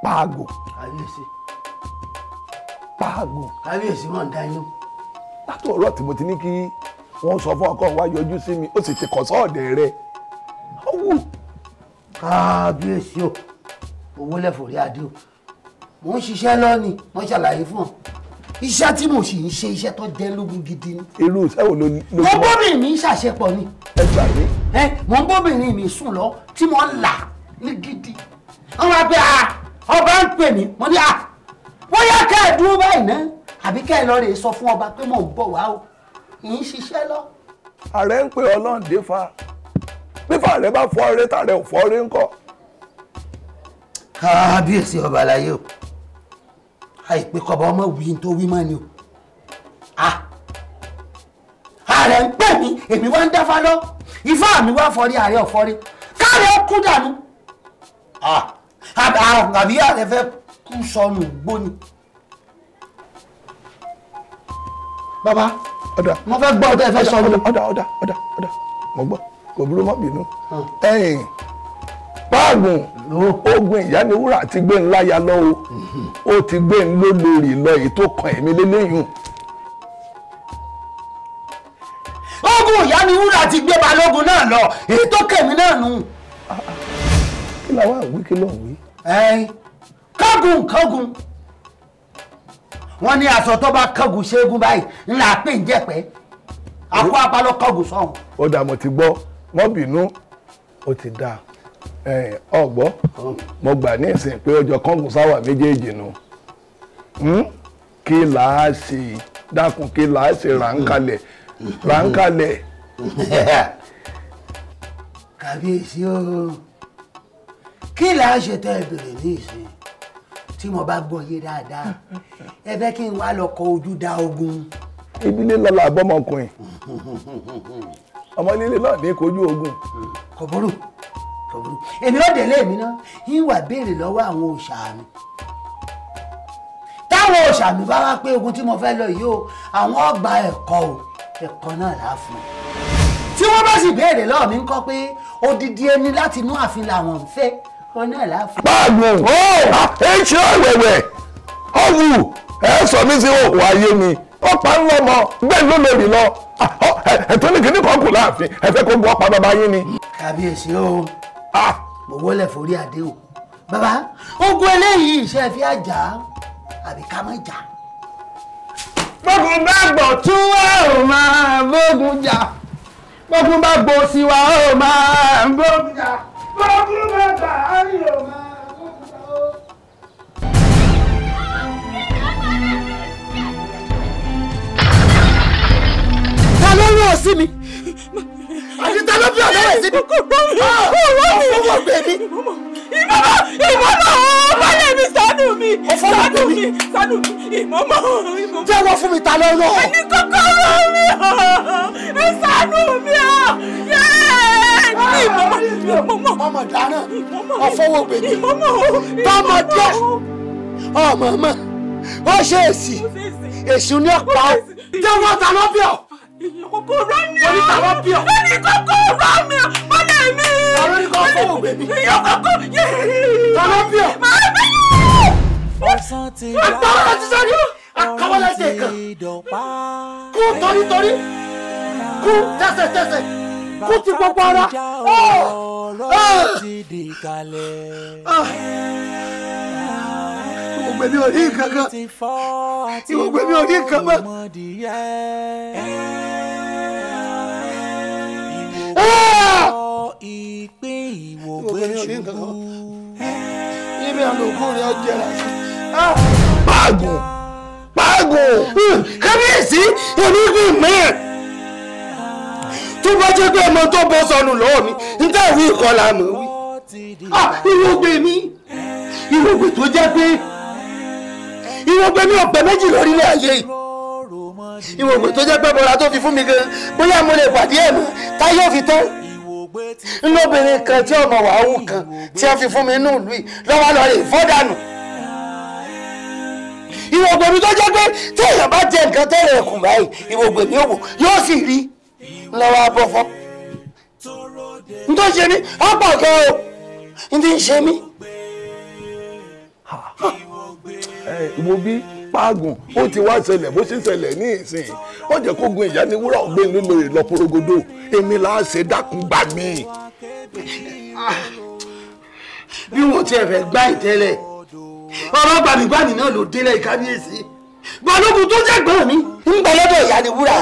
paago. kábíyèsí. paago. kábíyèsí mọ̀ ń da inú. látò ọ̀rọ̀ tí mo ti ní kí wọ́n sọ fún ọkọ wa yọjú sí mi ó sì ti kọ̀ sọ́ọ̀dẹ̀ rẹ̀ ó wù. kábíyèsí o owó lẹ́fọ̀rí adé o mò ń ṣiṣẹ́ lọ́ọ̀nì mo ṣàlàyé fún ọ iṣẹ́ tí mo sì ń ṣe iṣẹ́ tó jẹ́ lógún gidi ni. irú iṣẹ́ wo ló ló. mo bóbìnrin mi ṣàṣepọ̀ ni. ẹ gbà mí. ẹ mo bóbìnrin mi sùn lọ tí mo ń là ní gidi. wọ́n wá pé a ọba ń pè mí mo ní à bóyá ká ẹ dúró báyìí náà àbí ká ẹ lọ rè sọ fún ọba pé mò ń bọ̀ wá o kì í ṣiṣẹ́ lọ. ààrẹ ń pè ọlọ́ǹdé fa pífà rẹ bá fọ ọrẹ tààrẹ ò fọ ọrẹ ńkọ́. kábíyèsí ọba aláyé o àìpé kọba ọmọ wí tó wí mọ́ ni o ààrẹ ń pè mí èmi wá ń dáfá lọ ifá mi wá fọrí ààrẹ ọ̀fọ́rí káàrẹ kú dànù àbí ààrẹ fẹ́ kú sọnù gbóni. bàbá ọ̀dà mo fẹ́ gbọ́ ọ̀dà ẹ fẹ́ sọ mi. ọ̀dà ọ̀dà ọ̀dà ọ̀dà mo gbọ́ kò burú mọ́ bínú. ẹ̀yìn páàgùn ogun ìyániwúrà ti gbé ńláya lọ o mm-hmm. ó ti gbé ńlọ lórí lọ èyí tó kan èmi lélẹ́yìn. ogun ìyániwúrà ti gbé balógun náà lọ èyí tó kẹ̀mí náà nù. Ah, ah. kí làwọn àwí kí ló ń wí. kángun kángun wọn ní aṣọ tó bá kángun ṣẹ́gun báyìí ńlá pé ń jẹ́pẹ́ akọ apalọ kángun sọ̀hún. ó dà mo ti gbọ́ mọ́ bínú ó ti dáa ọgbọ́ mo gbà ní ìsìn pé ọjọ́ kọ́ngùn sáwà méjèèjì nu kí làá ṣe dákun kí làá ṣe ràǹkalẹ̀ ràǹkalẹ̀. kàbíyèsí ooo. kí là ń ṣe tẹ́ ẹ bèrè ní ìsìn tí mo bá gbọ́ yé dáadáa ẹ fẹ́ kí n wá lọ kọ ojú dá ogun. ìdílé lọ́la àbọ́mọkùnrin ọmọ líle náà ní kojú ogun. kò burú èmi ò délé mi ná yín wà béèrè lọ́wọ́ àwọn òòṣà mi táwọn òòṣà mi bá wá pé ogun tí mo fẹ́ lọ yìí o àwọn ọgbà ẹ̀kọ́
o ẹ̀kọ́
náà là á fún un tí wọ́n bá sì béèrè lọ́ọ̀ mi pé odidi ẹni láti inú àfin làwọn ń fẹ́ wọn náà láàfin.
báàgùn ẹ ṣe
ọ̀wẹ̀wẹ̀ ọ̀wù ẹ sọ mí sí òkú ayé mi ọ̀pá ńlọmọ bẹ́ẹ̀ ló lórí lọ ẹ̀tọ́ ní kíní kan kù láàfin ẹ̀fẹ́ kó bu ọ̀pá bàbá yín ni. kábíyèsí o mo wọlé forí adé o bàbá ogun eléyìí iṣẹ́ fi àjà àbí ká má jà. bókun bá gbọ̀ tún wá ò máa bógun jà bókun bá gbọ̀ sí wa ò máa bógun jà bọ́ọ̀bù mẹ́ta ayò máa kó ta ó.
ta ló rán ọ sí mi àti ta ló bí ìmọ̀mọ̀ ìmọ̀mọ̀ balẹ̀ mi ṣàánú mi
ṣàánú mi ṣàánú mi ìmọ̀mọ̀ ìmọ̀mọ̀. jẹ́wọ́ fún mi ta lọ lọ. ẹni kọ́kọ́rọ́ mi
ẹ ṣàánú mi ọ yẹ ní ìmọ̀mọ̀ ìmọ̀mọ̀. ọmọ dáná ọfọwọ́ gbèdé tọmọdé
ọmọ mọ ó ṣe èsì èsì ní ọ̀pá jẹ́wọ́ ta lọ bí ọ èèyàn kókó rọ mi o ẹni kókó rọ mi o mo lè
mi èèyàn kókó yẹ màá bẹ yìí.
ọ̀sán ti yá ọ̀rọ̀ ti dọ̀pá. kú
torítorí kú tẹsẹ̀tẹsẹ̀ ti gbogbo ara. ọ̀rọ̀
gbé mi orí nǹkan ìwọ gbé mi orí nǹkan mọ́. ìpín ìwò gbé ṣubú. ibi àlòkùn rẹ̀ hmm, jẹ́ra sí. páàgùn kábíyèsí èmi mẹ́ẹ̀ tó bá jẹ́ pé ọmọ tó bọ́ sọnù lọ́wọ́ mi níta ìwé ìkọlà mọ̀ wí. Ah, ìwọ mi ìwọ tó jẹ́ pé ìwọ̀ngbẹ́ mi ò pẹ́ méjì lórílẹ̀ ayé yìí ìwọ̀ngbẹ́ tó jẹ́ pé bọ́lá tó fi fún mi gan bóyá mo lè pàdé ẹ̀ mọ́ táyé ò fi tán ńlọbìnrin kan tí ọmọ wàhálù kan tí a fi fún mi inú ìlú yìí lọ́wọ́ lọ́ọ́ rè fọ́dànù ìwọ̀ngbẹ̀mí tó jẹ́ pé tí èèyàn bá jẹ nǹkan tẹ́lẹ̀ ẹ̀kùn báyìí ìwọ̀ngbẹ̀mí òwò yóò sì rí lọ́wọ́ abọ́ fọ́ n tó ṣe mí ọ̀pọ̀ gan o n ti ń ṣe mí wo bí páàgùn ó ti wá ṣẹlẹ̀ bó ṣe ń ṣẹlẹ̀ ní ìsìn wọ́n jẹ́ kó gun ìyá ní wúrà ọ̀gbìn ló lóye lọ porogodo èmi là á ṣe dákun gbà mí. bí wọn ti ẹ̀fẹ̀ gbá ìtẹ́lẹ̀ ọ̀rọ̀ gbàmígbàmí náà ló délẹ̀ kábíyèsí balógun tó jẹ́ gbọ́n mi ń bẹ lọ́dọ̀ ìyá ní wúrà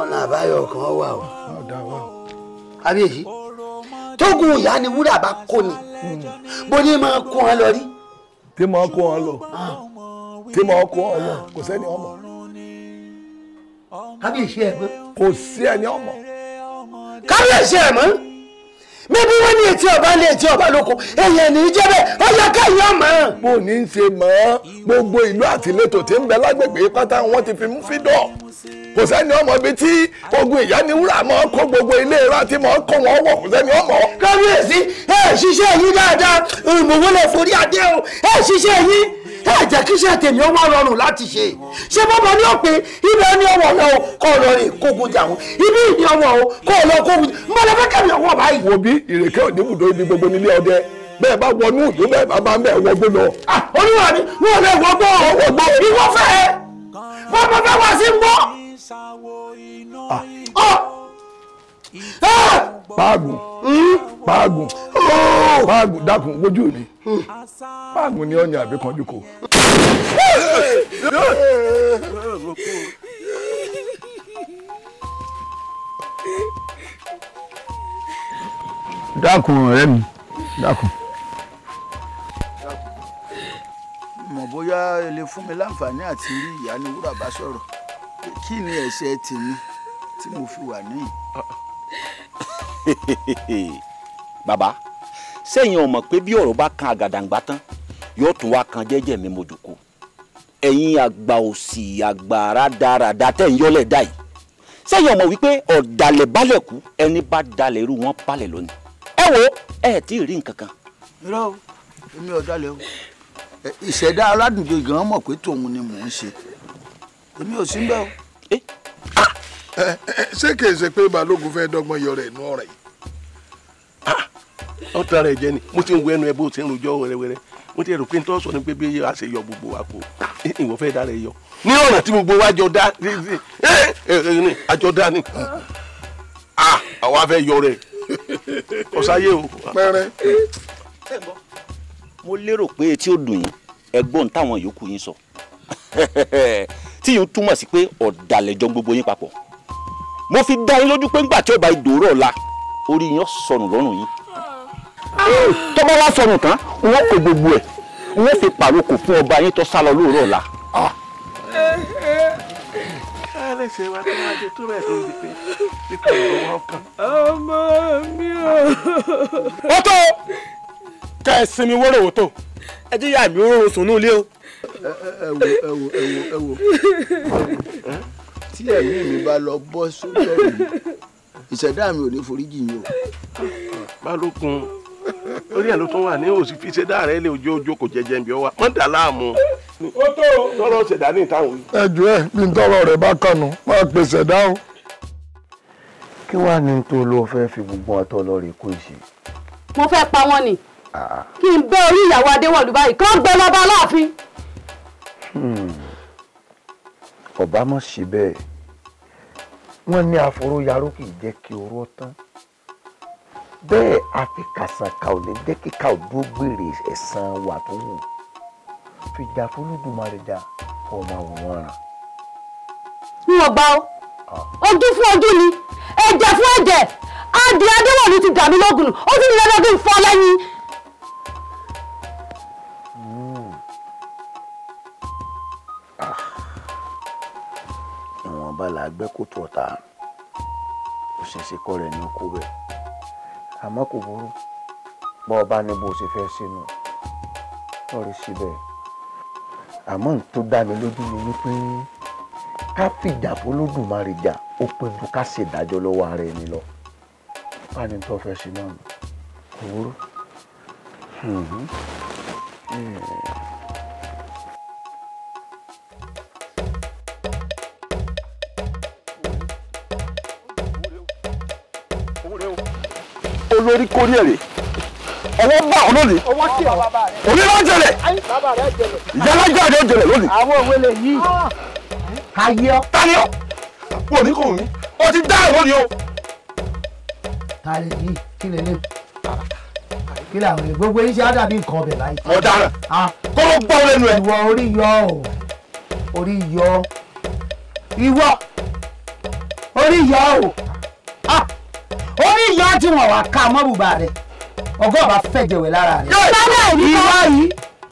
ọ̀nà àbáyọ kan wà o àbí èyí tógun ìyá ni wúrà bá kó ni bó ní máa kó wọn lọ rí. tí máa kó wọn lọ tí máa kó wọn lọ kò sẹ́ni ọmọ. kábíyèsí ẹ̀ mọ́. kò sí ẹni ọmọ. kábíyèsí ẹ̀ mọ́ mẹ́bí wọ́n ní etí ọba ní etí ọba lóko èèyàn ní í jẹ́ bẹ́ẹ̀ ó yẹ káyọ̀ mọ́. mo ní í ṣe mọ́ gbogbo ìlú àti ìletò tí ń bẹ lágbègbè pátá wọn ti fi mú fídọ̀ kò sẹ́ni ọmọ ibi tí ogun ìyá ni wúrà mọ́ kó gbogbo ilé ìrà tí mọ́ kó wọn wọ̀ kò sẹ́ni ọmọ. kábíyèsí ẹ ṣiṣẹ́ yín dáadáa ìmọ̀wọ́lẹ̀ forí adé o ẹ ṣiṣẹ́ yín ẹ jẹ́ kí iṣẹ́ tèmi ó wá rọrùn láti ṣe ṣé bọ́bọ ní òpè ibẹ̀ ni ọwọ́ lọ o kọ́ ọ lọ rìn kógun jà wọn ibi ìní ọwọ́ o kọ́ ọ lọ kógun mo lọ fẹ́ kẹ́mi ọwọ́ báyìí. wo bí ìrèké òní bùdó ibi gbogbo nílé ọdẹ bẹ́ẹ̀ bá wọnú ìlú bẹ́ẹ̀ bá bá ń bẹ́ẹ̀ wọgbó lọ. Ah, olúwa mi wọn ò lè wọgbó o wọgbó ìwọ fẹ́
wọn bọ fẹ́ wá sí ń bọ́.
páàgùn ah. ah. hmm? páàgùn oh, páàgùn dákun wojú mi páàgùn ni ọ̀yàn àbí kanjú kò. dákun ọ̀rẹ́ mi dákun. mọ̀ bóyá ẹ lè fún mi láǹfààní àti rí ìyá ni wúrà bá sọ̀rọ̀ kí ni ẹ̀ṣẹ̀ tèmi tí mo fi wà níyì. baba sẹ́yìn ọmọ pé bí ọ̀rọ̀ bá kan àgàdàǹgbà tán yóò tún wá kan jẹ́jẹ́ mi mojòkó ẹ̀yin àgbà òsì àgbà rádaràda tẹ̀ ń yọ́lẹ̀ dá yìí sẹ́yìn ọmọ wípé ọ̀dàlẹ̀ balẹ̀ kú ẹni bá dalẹ̀ irú wọn palẹ̀ lónìí ẹ wo ẹ tí ì rí nǹkan kan. irọ́ o èmi ọ̀dàlẹ̀ o ìṣẹ̀dá aládùúgbò gan mọ̀ pé tòun ni mò ń ṣe èmi ò sí ń bẹ́ẹ̀ o. Eh, eh. ṣé kìí ṣe pé balógun fẹ́ dọ́gbọ́n yọrọ ẹ̀ nú ọ̀rẹ́ yìí ọ̀tá rẹ̀ jẹ́ ni mo ti ń wo ẹnu ẹ bó ti ń rojọ́ wẹ́rẹ́wẹ́rẹ́ mo ti rò pé n tọ́ sọ ni pé bí a ṣe yọ gbogbo wa kó ìwọ fẹ́ dára ẹ yọ ní ọ̀nà tí gbogbo wa jọ dá àjọ dá ni àwa fẹ́ yọ rẹ̀ ọ̀sáyé o. pẹ́rẹ́ mo lérò pé etí ó dùn yín ẹgbọ́n táwọn yòókù yín sọ tí yín túmọ̀ sí pé ọ̀dàlẹ̀jọ gbogbo yín papọ̀ mo fi dá yín lójú pé ńgbà tí ó bá ìdòrò ọ̀la orí yín sọnù lọ́rùn yín tọ́ba wá sọnù tán wọ́n kó gbogbo ẹ̀ wọ́n fi pàrokò fún ọba yín tó sá lọ lóòrọ̀ ọ̀la.
ẹlẹ́sẹ̀ wa tó máa ṣe tó bẹ̀ tó di
pé
pípẹ́ ìrọ̀wọ́ kan. ọmọ mi ò. ó tó kẹ́ ẹ sinmi wóró wò tó ẹ jẹ́ ìyá mi ó rọrùn sùn ní ilé o. ẹ wo ẹ wo ẹ wo ẹ wo tí ẹ̀mí mi bá lọ bọ́ sójú ọ̀run ìṣẹ̀dá mi ò ní foríjì yín o. balógun orí ẹ̀ ló tún wà ní òsì fi ṣẹ̀dá rẹ̀ lé ojú ojú kò jẹjẹ bí ọ wa mọ́ dà láàmú. ó tó tọrọ ṣẹ̀dá ní ìtàwọn. ẹ jù ẹ bí n tọrọ rẹ bá kànú máa pè ṣẹ̀dá o. kí wàá ní tó ló fẹ́ fi gbogbo ọtọ lọ rè kó ìṣe.
mo fẹ́ pa wọ́n ni ah. kí n bẹ́ orí ìyàwó adéwọ̀lú báyìí kí wọ́n gbé lọ́ba aláàfin.
ọba hmm. mọ̀ sí bẹ́ẹ̀ wọ́n ní àforóyaró kì í jẹ́ kí oró tán bẹ́ẹ̀ àfikàsàkà ò lè jẹ́ kíkà ò dúró gbèrè ẹ̀san wà tó wù fìjà fọlùdùmarèjà
fọmọ àwòrán rà. ń wọ gbá o ah. ojú fún ojú ni ẹ̀jẹ̀ fún ẹ̀jẹ̀ adìẹ adéwọ̀lú ti dàbí lógun ó sì ní lọ́dọ́dún fọ́ lẹ́yìn.
ìwọ̀nba là á gbẹ́ kótó ọ̀tá ó ṣe é ṣe kọ́ rẹ̀ ní okó bẹ̀ àmọ́ kò burú bọ́ ọba ní bó ṣe fẹ́ sínú lọ́ọ̀rí síbẹ̀ àmọ́ n tó dá mi lójú ni wípé ká fìjà fọlọ́dúnmarè jà ó pinnu ká ṣèdájọ́ lọ́wọ́ ara ẹni lọ bá ní tó fẹ́ sí kò burú. mm lórí kórí ẹ̀
rè ọwọ́ bá ọ lónìí
òní ló ń jẹlẹ̀ ìyálà jáde ó jẹlẹ̀ lónìí. àwọn òwe lè yí ah. ayé ọ. tani ọ wò ní kò ní o ti dá ìwọ ni o. tani yìí kí lè lè kí lè àwọn gbogbo yín ṣe á dàbí nǹkan ọbẹ̀ láyé. ọ̀daràn ah. kó ló gbọ́ lẹ́nu ẹ̀. ìwọ orí yọ o orí yọ ìwọ orí yọ o nígbà tí wọn wà ká mọ́bùbà rẹ̀ ọgọ́ ọba fẹ́ jẹ̀wẹ̀ lára rẹ̀. yóò ní wá yìí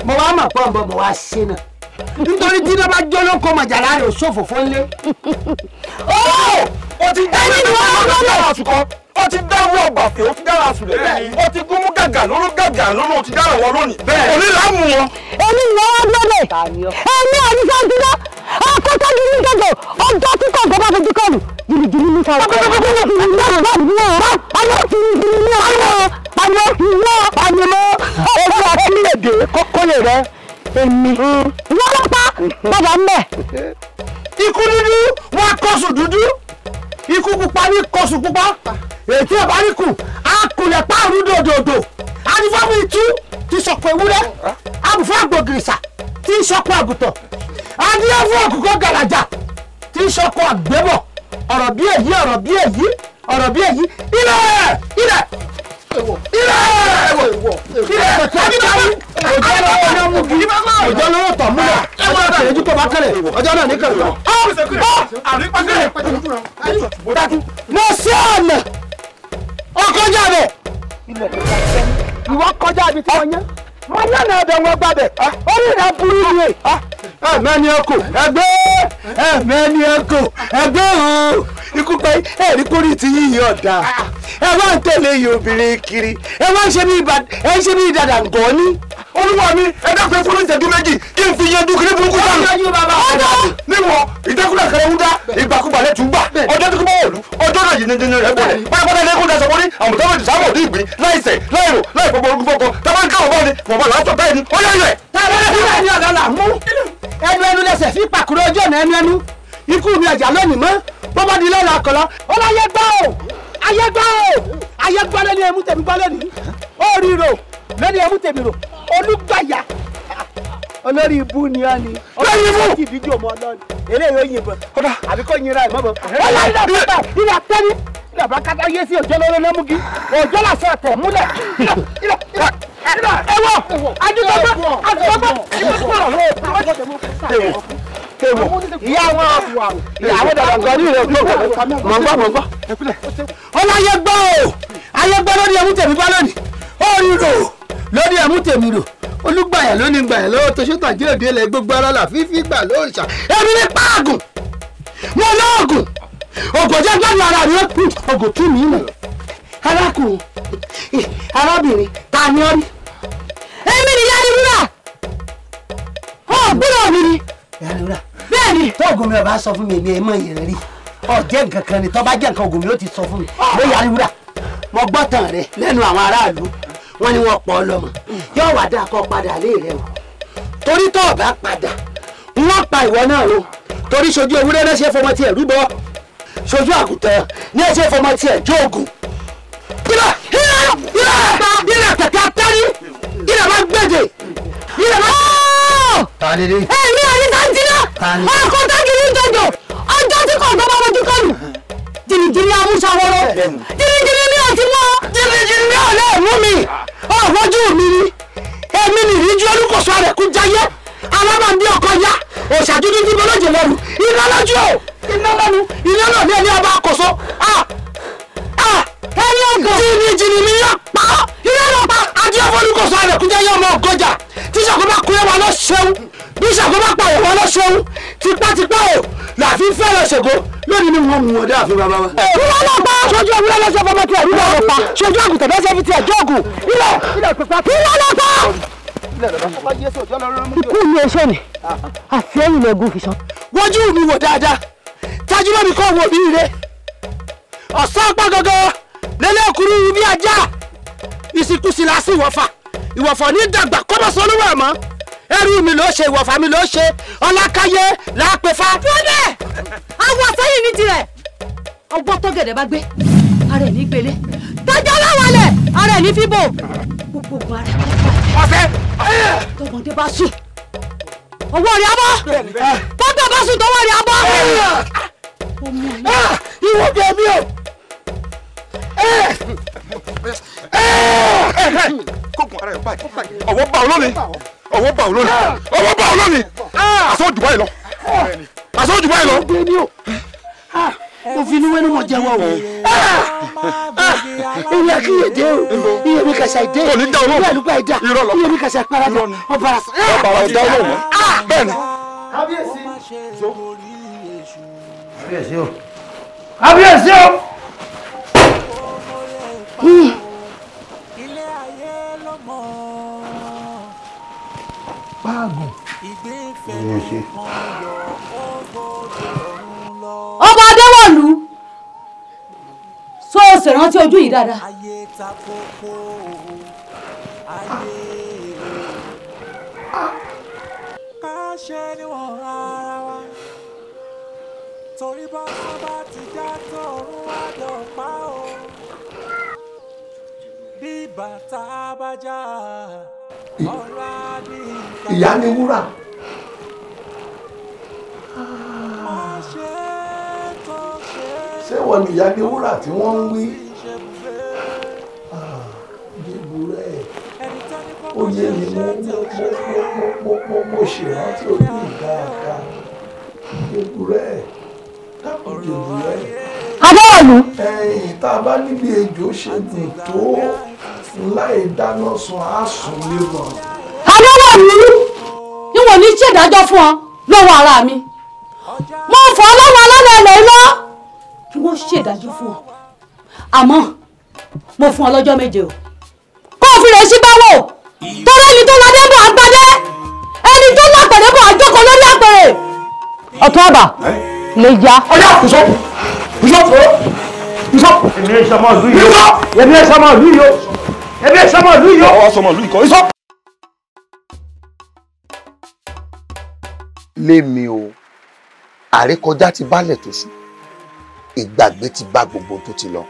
mo wá mọ̀ pọ̀ mo wá ṣe náà nítorí dídá bá jó ló kó màjàlá rẹ̀ ṣòfò fún lé. o oh! ti dáwọ́ ọgbà dára àsùkọ o ti dáwọ́ ọgbà pé o ti dára àsùn rẹ̀ o ti gún mú gàgà
lóró gàgà lóró o ti dára wọ lónìí. bẹ́ẹ̀ onílà mú wọn. èmi ń lọ wá èmi ò ọkọ̀tọ̀ ni ní gbogbo ọjọ́ tí kò gbọ́dọ̀ fojú kọ́ọ̀lù jìnnìjìnnì ní sáré. pàmò ti ní ní ọ̀rọ̀ pàmò ti ní ọ̀rọ̀ pàmò owó orílẹ̀-èdè kọ́kọ́lẹ̀ rẹ èmi. wọ́n lọ́pàá bàbá ń bẹ̀. ikú dúdú wọn akọ̀sù dúdú
ikú pupa ní kọ̀sù pupa ètí ọ̀bá ní kù akùnlẹ̀ páàrú dòdòdò adifọ́mù itú ti sọ̀pọ̀ ewúrẹ́ abùfọ́ àgbògìrìsà ti sọ̀pọ̀ àgùtàn adíyẹ fún òkùnkùn gàràjà tí ń sọkọ àgbébọ̀ ọ̀rọ̀ bí èyí ọ̀rọ̀ bí èyí ọ̀rọ̀ bí èyí ilẹ̀ ilẹ̀ ilẹ̀ ilẹ̀ ọjọ́ lọ́wọ́ tọ̀ múlẹ̀ ọjọ́ náà lójú tó bá kẹlẹ̀ ọjọ́ náà ní kẹlẹ̀ tọ́. mo sí ọ̀nà ọkọjá rẹ̀ ìwọ kọjá ibi tí wọ́n yẹn wọn náà náà bẹ wọn gbàbẹ orí ah, rẹ burú ni e. ẹ mẹ́ni ẹ kò ẹgbẹ́ ẹ mẹ́ni ẹ kò ẹgbẹ́ o ikú pa ẹ rí kórì tí yíyí ọ̀dà ẹ wá ń tẹ̀lé yìí obìnrin kiri ẹ wá ń ṣe bí ìdàdàngọ́ ni olúwa mi ẹ dákun ẹkún ní ìtẹ́jú méjì kí n fi yẹn dúkìá ní burúkú sánú ọjọ́ níwọ̀ ìtẹ́kùnlẹ̀ kẹrẹ ń dá ìgbàkúgbà lẹ tún gbà ọjọ́ tó kí bọ́ wọ̀lú ọjọ́ náà yìí nínú rẹ̀ bọ̀lẹ̀ pátápátá lẹ́kùn dá sọ̀rọ̀ ní àmọ̀tẹ́wọ̀n ti sábà òdì ìgbín láìsẹ̀ láìrò láìfọ̀gbọ̀ orúkú fọ́kọ táwọn káwọn bá ní ni ó lórí ẹmú tèmi rò olùgbàyà olórí ibú ni ọ ni olórí ibú kìdíjọ mọ ọlọrin eléyìí ó yìnbọn àbíkó yìnbọn àìmọbọn ọlọrin náà tó bá ìlà tẹni bàbá kátà yé sí òjò lórí lẹ́múgi òjò làṣọ ọ̀tẹ̀ múlẹ̀ ẹwọ adúgbò adúgbò ìfọ̀sọ̀rọ̀ lọ́wọ́ kéwò ìyá wọn ìyàwó dàgbà gan ní ìrẹ̀lú òkè mọ̀ ń gbọ́ mọ̀ ń gbọ́. ọlá ayé gbọ́ o ayé gbọ́ lórí ẹ̀mú tèmi bá lónìí ó rí rò lórí ẹ̀mú tèmi rò olùgbàyà lónìí gbàyà lọ́wọ́ tó ṣètò àjẹ́rẹ́dẹ́ ilẹ̀ gbogbo ara là fífi gbà lóòrìṣà èmi ní páàgùn mo lọ́ọ̀gùn ògòjẹ́ gbẹ́dùn
ara mi ó kú ògò kí mi nà arákùnrin arábìnrin ta ni ọ rí èmi ni yáni wúrà ọ gbúdọ̀ mi ni.
yáni wúrà bẹ́ẹ̀ ni. tó ògùn mi ọba sọ fún mi èmi ẹ̀ mọ̀ yẹn rí ọ̀jẹ̀ nǹkan ni tó bá jẹ́ nǹkan ògùn mi ló ti sọ fún mi ló yáni wúrà mo gbọ́ tàn rẹ lẹ́nu àwọn aráàlú wọ́n ní wọ́n pọ̀ ọlọ́mọ yóò wá dáa kọ́ padà lé rẹ o torí tó ọ̀bá padà wọ́n pa ìwọ náà o torí sojú ewúrẹ́ náà ṣe fọmọ tiẹ̀ rúbọ sojú àgùntàn
ní ẹsẹ fọmọ tiẹ jóògùn ìlà ìlà ìlà ìlà kẹkẹ atari ìlà bá gbèdè ìlà bá. tàdédé. ẹ ní ọdún santina ọkọ tágìrì jọjọ ọjọ́ tí kò gbọ́ bọ́mọ dúkọ́ lù jìnnìjìnnì amúṣàwọrọ jìnnìjìnnì mi ò ti mọ jìnnìjìnnì mi ò lè mú mi ọ̀rọ̀jú mi ni èmi nìyíjú olùkọ́sọ rẹ̀ kú jayé alábàndí ọkọ̀ ya òṣàdúdú tí mo lóye lọ́rùn ìrọ̀lọ́jú o iná lẹ́nu iná náà ní ẹni ọba àkóso ẹni ọgàn jìnnìjìnnì mi yọ pa iná náà pa
àti ọfọlùkọsọ àrẹkúnjẹ yọ ọmọ ọgọjà tíṣà kó bá kúrẹ́ wa lọ ṣeun tíṣà kó bá pààyàn wa lọ ṣeun tipátipá o làfi fẹ́rẹ̀ ṣègò lónìí ni wọ́n mú wọn dé bàbá wa. ìwọ náà pa sojú ewúrẹ́ lọ́sẹ̀ fọmọ tí ẹ̀rú lọ́wọ́ pa sojú àgùntàn
lọ́sẹ̀ fi tiẹ̀ jọ́ọ̀gù ilẹ̀ ìwọ náà pa. ikú ni oṣó ni àti ẹ̀yìn lẹ́gùn fi sàn. wojú mi wò dáadáa tajúmọ́ mi kọ́ wò mí rè
ọ̀sán apá gangan lélẹ́ òkúrú bí ajá ìsìnkúsì la sí ìwọ̀fà ìwọ̀fà ní dàgbà kọ́mọ̀sọ olúwa mọ́ ẹrú mi ló ṣe ìwọ̀fà mi ló ṣe
ọlákáyé làápẹ́fà. bọ́dẹ̀ àwọn àtẹ́yìn ní tirẹ̀ ọgbọ́n tó gẹ̀dẹ̀ bá gbé ara ẹ̀ ní gbélé tọ́jà láwalẹ̀ ara ẹ̀ ní fíbò gbogbo ara ẹ̀ ní bàjẹ́ tọmọdé bá sùn ọwọ́ rẹ̀ abọ́ pọ́tà bá sùn tọwọ́ rẹ̀ abọ́. Ah! ìwọ bẹ̀mí o. ọwọ́ bá olóni
ọwọ́ bá olóni ọwọ́ bá olóni àsọ̀jù ah! báyìí lọ àsọ̀jù ah! báyìí lọ mo fi inú wẹ́nu mọ̀ jẹ́wọ́ o ilé akíyè dé o iye mi kàṣà ìdé ìlú àlùgbà ìdá iye mi kàṣà ìparadà ọba àṣà. ọba ọ̀dà ah! olóòwò ah! ah! bẹ́ẹ̀ni. kábíyèsí kábíyèsí o kábíyèsí o.
páàgùn. Hmm.
ìgbésẹ̀ ló ń yọ
ọba adéwọ̀lú so o sì rántí ojú yìí dáadáa.
káṣẹ́
ni ìyá ni wúrà. ìwọ nìyá ní wúrà tí wọ́n ń wí ah, bíburẹ́
ó yé mi mo mo mo mo ṣèrántí ojú
ìdáadáa bíburẹ́ dákun bíburẹ́. abọ́ọ̀lù. ẹ̀yìn tá a bá níbi ejò ṣe dùn tó láì dáná
sun àásùn níbọn. abọ́ọ̀lù níwọ̀n ní ṣèdájọ́ fún ọ lọ́wọ́ ara mi mo fọ́ lọ́wọ́ alálẹ̀ lẹ́yìn lọ́wọ́ kí wọ́n ṣèdájọ́ fún ọ àmọ́ mo fún ọ lọ́jọ́ méje o kó o fi rẹ̀ sí báwò torí ẹni tó lọ́dẹ́ bọ̀ àgbàdẹ́ ẹni tó lápẹ̀lẹ́ bọ̀ àjọkọ lórí àpèrè. ọ̀tún àbà lè ya. ọ̀yá kùsọ́pù kùsọ́pù
kùsọ́pù. èmi ẹ̀ sọmọ ìlú yìí o èmi ẹ̀ sọmọ ìlú yìí o èmi ẹ̀ sọmọ ìlú yìí o. ọwọ́ sọmọ ìlú ikọ̀ ìsọ́. lémi o àrékọjá ti bálẹ̀ tó sùn ìgbàgbé ti bá gbogbo tó ti lọ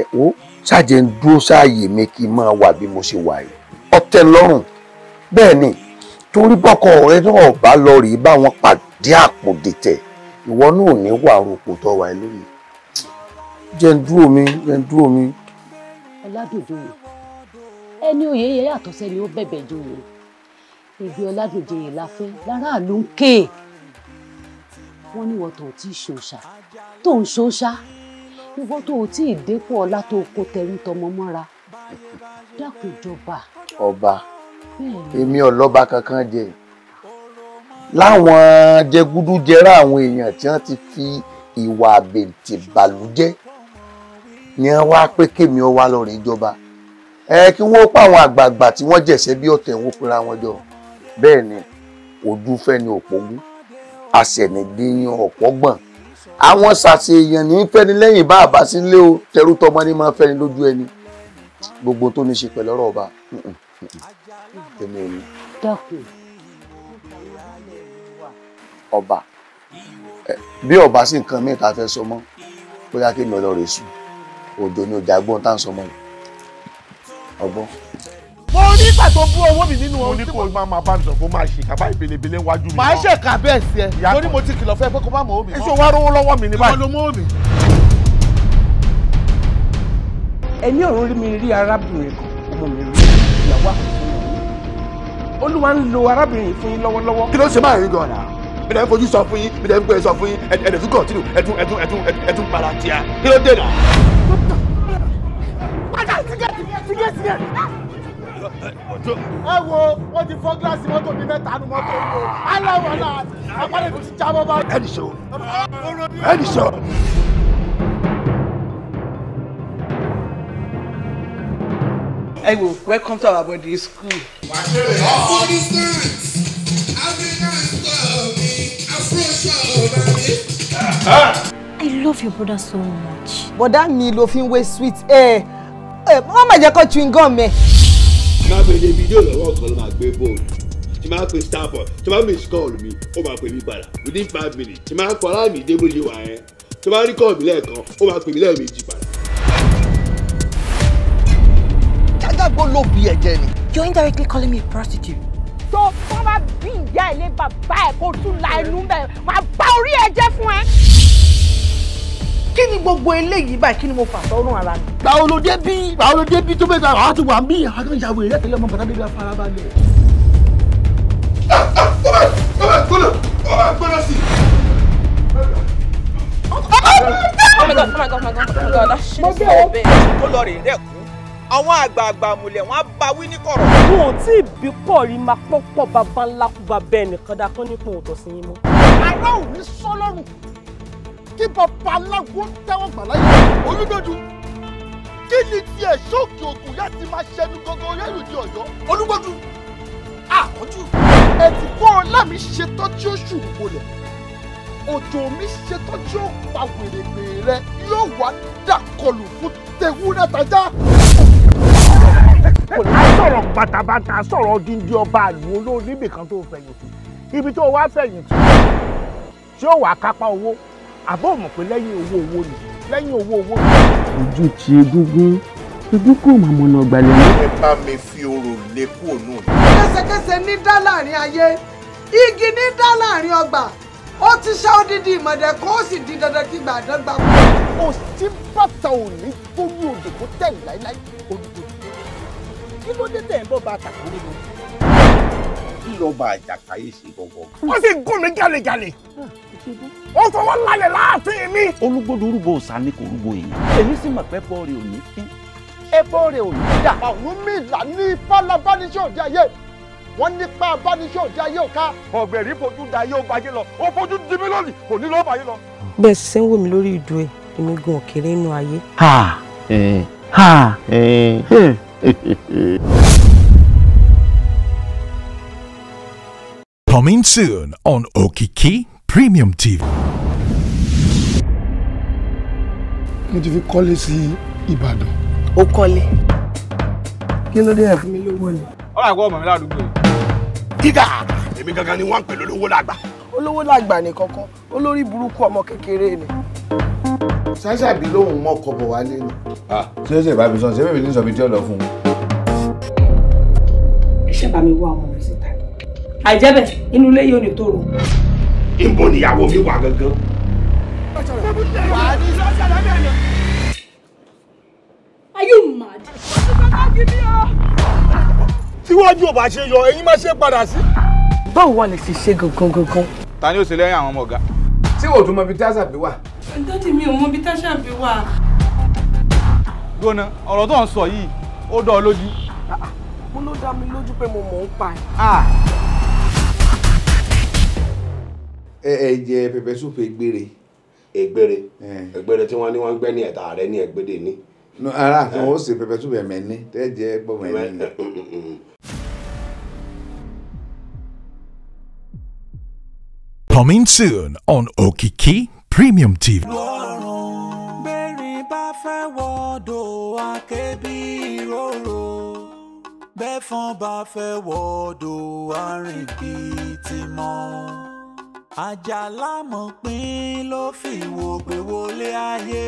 ẹ o ṣáàjẹ ń dúró sáàyè mi kí n máa wà bí mo ṣe wà yìí ọtẹ lọ́rùn bẹ́ẹ̀ ni torí bọkọ ọ̀rẹ́ náà bá lọ rí báwọn pàdé àpò dìtẹ̀ ìwọ náà ní wà rògbò tó wà lónìí jẹ́ ń dúró mi jẹ́ ń dúró mi.
ọládòdò ẹni òye yẹ yàtọ̀ sẹ́ni ó bẹ̀bẹ̀ jòyè ìgbé ọládòdò yìí la fẹ́ láràá ló wọ́n ní ìwọ́n tó tí ì ṣòṣà tó ń ṣòṣà ìwọ́ tó tí ì dépò ọlá tó kó tẹrú tọmọ mọ́ra dákun ìjọba.
ọba èmi ọlọ́ba kankan jẹ láwọn jẹgúdújẹrá àwọn èèyàn tí wọ́n ti fi ìwà àbèntì bàlújẹ́ ni wọ́n wá pé kémi ọ wá lọ rè jọba ẹ kí wọ́n pa àwọn àgbààgbà tí wọ́n jẹ̀ṣẹ̀ bí ọ̀tẹ̀ wọn pera wọn jọ bẹ́ẹ̀ ni ojú fẹ́ ni òpógún àṣẹ̀nìgbìyàn ọ̀pọ̀gbọ̀n àwọn sàṣèyàn ní fẹ́ni lẹ́yìn bá àbá sílé o tẹrú tọmọ ní máa fẹ́ni lójú ẹni gbogbo tó ní ṣe pẹ̀lú ọ̀rọ̀ ọba èmi ò ní. ọba bí ọba sí nǹkan mìíràn tá a fẹ́ sọ mọ́ bóyá kí ni ọlọ́rẹ̀ sùn òjò ni ọjà tá à ń sọ mọ́ ọgbọ́n mo ní ìgbà tó bú owó mi nínú ohun tí mo. mo ní kó máa máa bá mi sọ kó máa ṣèkà báyìí belebele wájú mi. màá ṣèkà bẹ́ẹ̀ sí ẹ torí mo ti kìlọ̀ fẹ́ pé kó má mọ owó mi mọ́. èso wa rówó lọ́wọ́ mi ní báyìí. ìwọ ló mọ owó mi. ẹni ọ̀run rí mi rí arábìnrin kan ọmọ mi rí ìyàwó àkókò mi olúwa ń lo arábìnrin fún yín lọ́wọ́lọ́wọ́. kí ló ṣe máa rí gan-an mi lè fojú sọ fún yín mi lè gbé sọ fún yín ẹ̀ẹ́dẹ̀tún ẹ wo wọ́n ti fọ́ gíláàsì mọ́tò mi mẹ́ta nu mọ́tò mi o aláwọ̀ náà àpárẹ̀ mi ti jábọ́ bá. ẹnì sọ ẹnì sọ. ẹ wo welcome to
our body school.
for
the
I love your brother so much. Bọ̀dá mi ló fi ń wé sweet ẹ̀ ẹ̀ wọ́n máa jẹ́ kó chewing gum ẹ̀ máa pe Davido lọ́wọ́ kan ló máa gbé bóòlù tí máa pe Starboy tí máa miss call mi ó máa pè mí padà within five minutes tí máa kọ́ aláàmì débòye wà ẹ́ tí máa rí kọ́ọ̀ mi lẹ́ẹ̀kan ó máa pè mí lẹ́ẹ̀mejì padà. jágàgbó ló bi ẹ̀jẹ̀
ni. You're indirectly calling me a prostitute tó bá bí ìyá ẹ̀ lé bàbá ẹ̀ kó tún la ẹnu bẹ̀ máa bá orí ẹ jẹ́ fún ẹ kí ni gbogbo eléyìí báyìí kí ni mo fà sọ́rùn ara mi.
báwo ló dé bí báwo ló dé bí tó bẹ́ẹ̀ àwọn àti wà ń bí àwọn ìyàwó rẹ̀ tẹ́lẹ̀ ọmọ bàtà bíbí afárábalẹ̀. mo dé o. kó lọ rè rẹ kú àwọn àgbààgbà àmùlẹ̀ wọn á bá wí ní kọ̀rọ̀. wọn ò tí ì bí pọ̀ rí máa pọ̀ pọ̀ bàbá ńlá kú bàbá ẹnìkan dákọ́ nípò òtọ̀ yín mọ́. àárọ̀ òní sọ́lọ́run kí bàbá aláwo tẹ́wọ́ gbà láyé olúdọ̀dù kí ni tiẹ̀ ṣóòkè ògùn yá ti máa ṣẹnu gangan rẹ́rù di ọ̀yọ́. olúgbọ́dù àkọ́jú. ẹ̀tìkọ́ ọlá mi ṣetán tí ó ṣù bolẹ̀ òjò mi ṣetán tí ó pa wèrèwè rẹ yóò wá dàkọlù fún tewúrẹ́ tajá. a sọ̀rọ̀ bàtàbàtà sọ̀rọ̀ dídí ọba àlù olórí nìkan tó fẹ̀yìntì ibi tó wá fẹ̀yìntì tí ó wàá kápá owó àbọ̀ mọ̀ pé lẹ́yìn owó owó ni lẹ́yìn owó owó ni. ojú ti egúngún egún kò máa mọ̀nà ọgbàlẹ̀ mọ́. ẹ bá mi fi orò lé kúrò náà. kẹsẹkẹsẹ ní dá láàrin ayé igi ní dá láàrin ọgbà ó ti ṣá odidi ìmọ̀dẹ̀ kó o sì di dandan kí gbàdán gbà kú. kò sí bàtà òní tó ní odò kó tẹ̀ láíláí odò kí ló dé tẹ̀ ń bọ̀ bàtà kúrò náà. kí lọ́ọ́ bá àjàkáyé ṣe gbọ̀ngàn. wọ́n sì gún mi jálejàle ṣubú. ó fọwọ́ láàfin mi. olúgbòdo orúbọ òòsà ni kò rúbọ èyí sì mọ̀ pé bọ́ rẹ̀ ò ní fín ẹbọ rẹ̀ ò ní dà. àwọn mìlá ní ìfàlà báníṣẹ́ òde ayé wọ́n nípa báníṣẹ́ òde ayé òka. ọ̀gbẹ̀rì fojú da ayé ọba
lọ ó fojú di mí lónìí kò ní lọ́ọ́ báyé lọ. bẹ́ẹ̀ ṣe ń wò mí lórí ìdú ẹ̀ èmi gun òkèrè inú ayé.
ha ẹ ha ẹ
Coming soon on Okiki. Premium TV.
mo ti fi kọ́lé sí Ìbàdàn. ó kọ́lé. kí ló dé ẹ̀ fún mi lówó ni. ó rà kó ọmọ mi ládùúgbò yìí. dídà èmi gangan ni wọ́n ń pè lólówó làgbà. olówó làgbà ní kọ́kọ́ olórí burúkú ọmọ kékeré ni. ṣáṣàbí lòun mọ ọkọ bọ̀ wálé ni. ṣé ṣe ìbá mi sọ ṣé bèbí ní sọ mi tí ó lọ fún un.
ẹ ṣe bá mi wá ọmọ mi síta àìjẹ́ bẹ́ẹ̀ inú ilé yóò ní tòrò
ìbò níyàwó mi wà gangan. tíwájú ò bá ṣe yọ eyín má ṣe padà sí. báwo wà lè fi ṣe gangan gangan. ta ni ó ṣe lẹ́yìn àwọn ọmọ ọ̀gá. tí wò tún mọ ibi táṣà bí wà.
dádì mi ò mọ ibi táṣà bí wà.
gbóná ọ̀rọ̀ tó ń sọ yìí ó dán ọ lójú. Ah, ah. mo ló dá mi lójú pé mo mọ̀ ń pa ẹ̀. Ah ẹ pẹpẹ súpù egbére. egbére egbére tí wọ́n ní wọ́n gbẹ́ ní ẹ̀ta rẹ ní ẹgbẹ́dẹ ní. ara kan ó sì pẹpẹ súpù ẹ̀mẹ́ ní tẹ́ jẹ́ gbọ́mọ
Coming soon on Okiki Premium TV. bẹ́ẹ̀rin bá fẹ́ wọ́dọ̀ akébí ìrorò bẹ́ẹ̀ fọ́n bá fẹ́ wọ́dọ̀ arìnbí tìmọ̀. Àjàlá Mọ̀pín ló fi wò pé wọlé ayé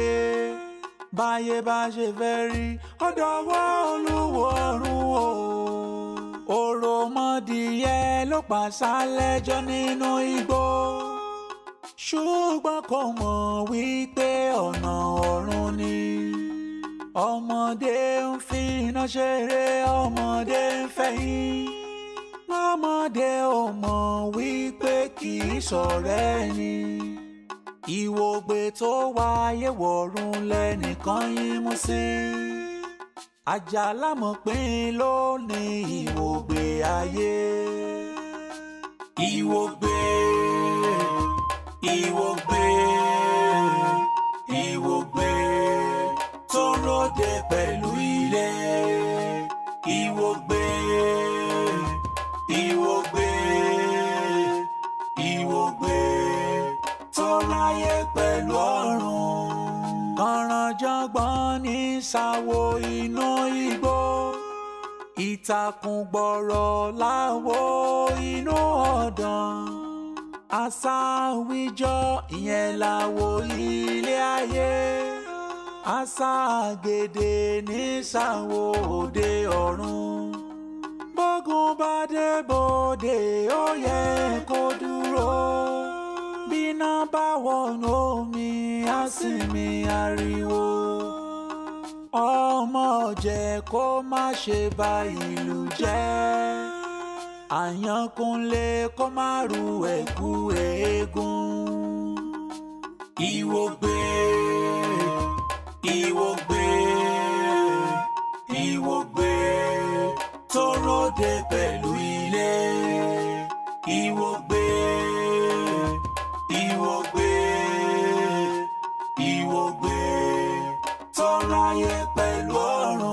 báyé bá ṣe fẹ́ rí ọ̀dọ̀ wá Olúwo ọ̀run o. Òròmọdìyẹ ló pàṣálẹ́jọ́ nínú igbó ṣùgbọ́n kò mọ̀ wípé ọ̀nà ọ̀run ni. ọmọdé ń fi iná ṣeré ọmọdé ń fẹ̀yìn tọmọdé ò mọ̀ wípé kì í ṣọ̀rẹ́ ni ìwògbè tó wáyé wọ̀run lẹ́nìkan yín mú sí Àjàlá mọ̀ pín ló ní ìwògbè ayé ìwògbè ìwògbè ìwògbè tó ròde pẹ̀lú ilé. pẹ̀lú ọ̀run. kànràjàgbọ́n ní sáwo inú igbó ìtàkùn gbọ̀rọ̀ láwo inú ọ̀dàn. àṣà àwùjọ ìyẹn láwo ilé ayé àṣà àgbèdè ní sáwo òde ọ̀run bógun bá dé bòde ó yẹ kó dúró bíná bá wọnú omi á sinmi ariwo ọmọ jẹ́ kó má ṣe bà ìlú jẹ́ àyànkúnlé kó má ru ẹ̀kú eégún ìwògbé ìwògbé ìwògbé tó ròde pẹ̀lú ilé ìwògbé. aláyé pẹ̀lú ọ̀rọ̀.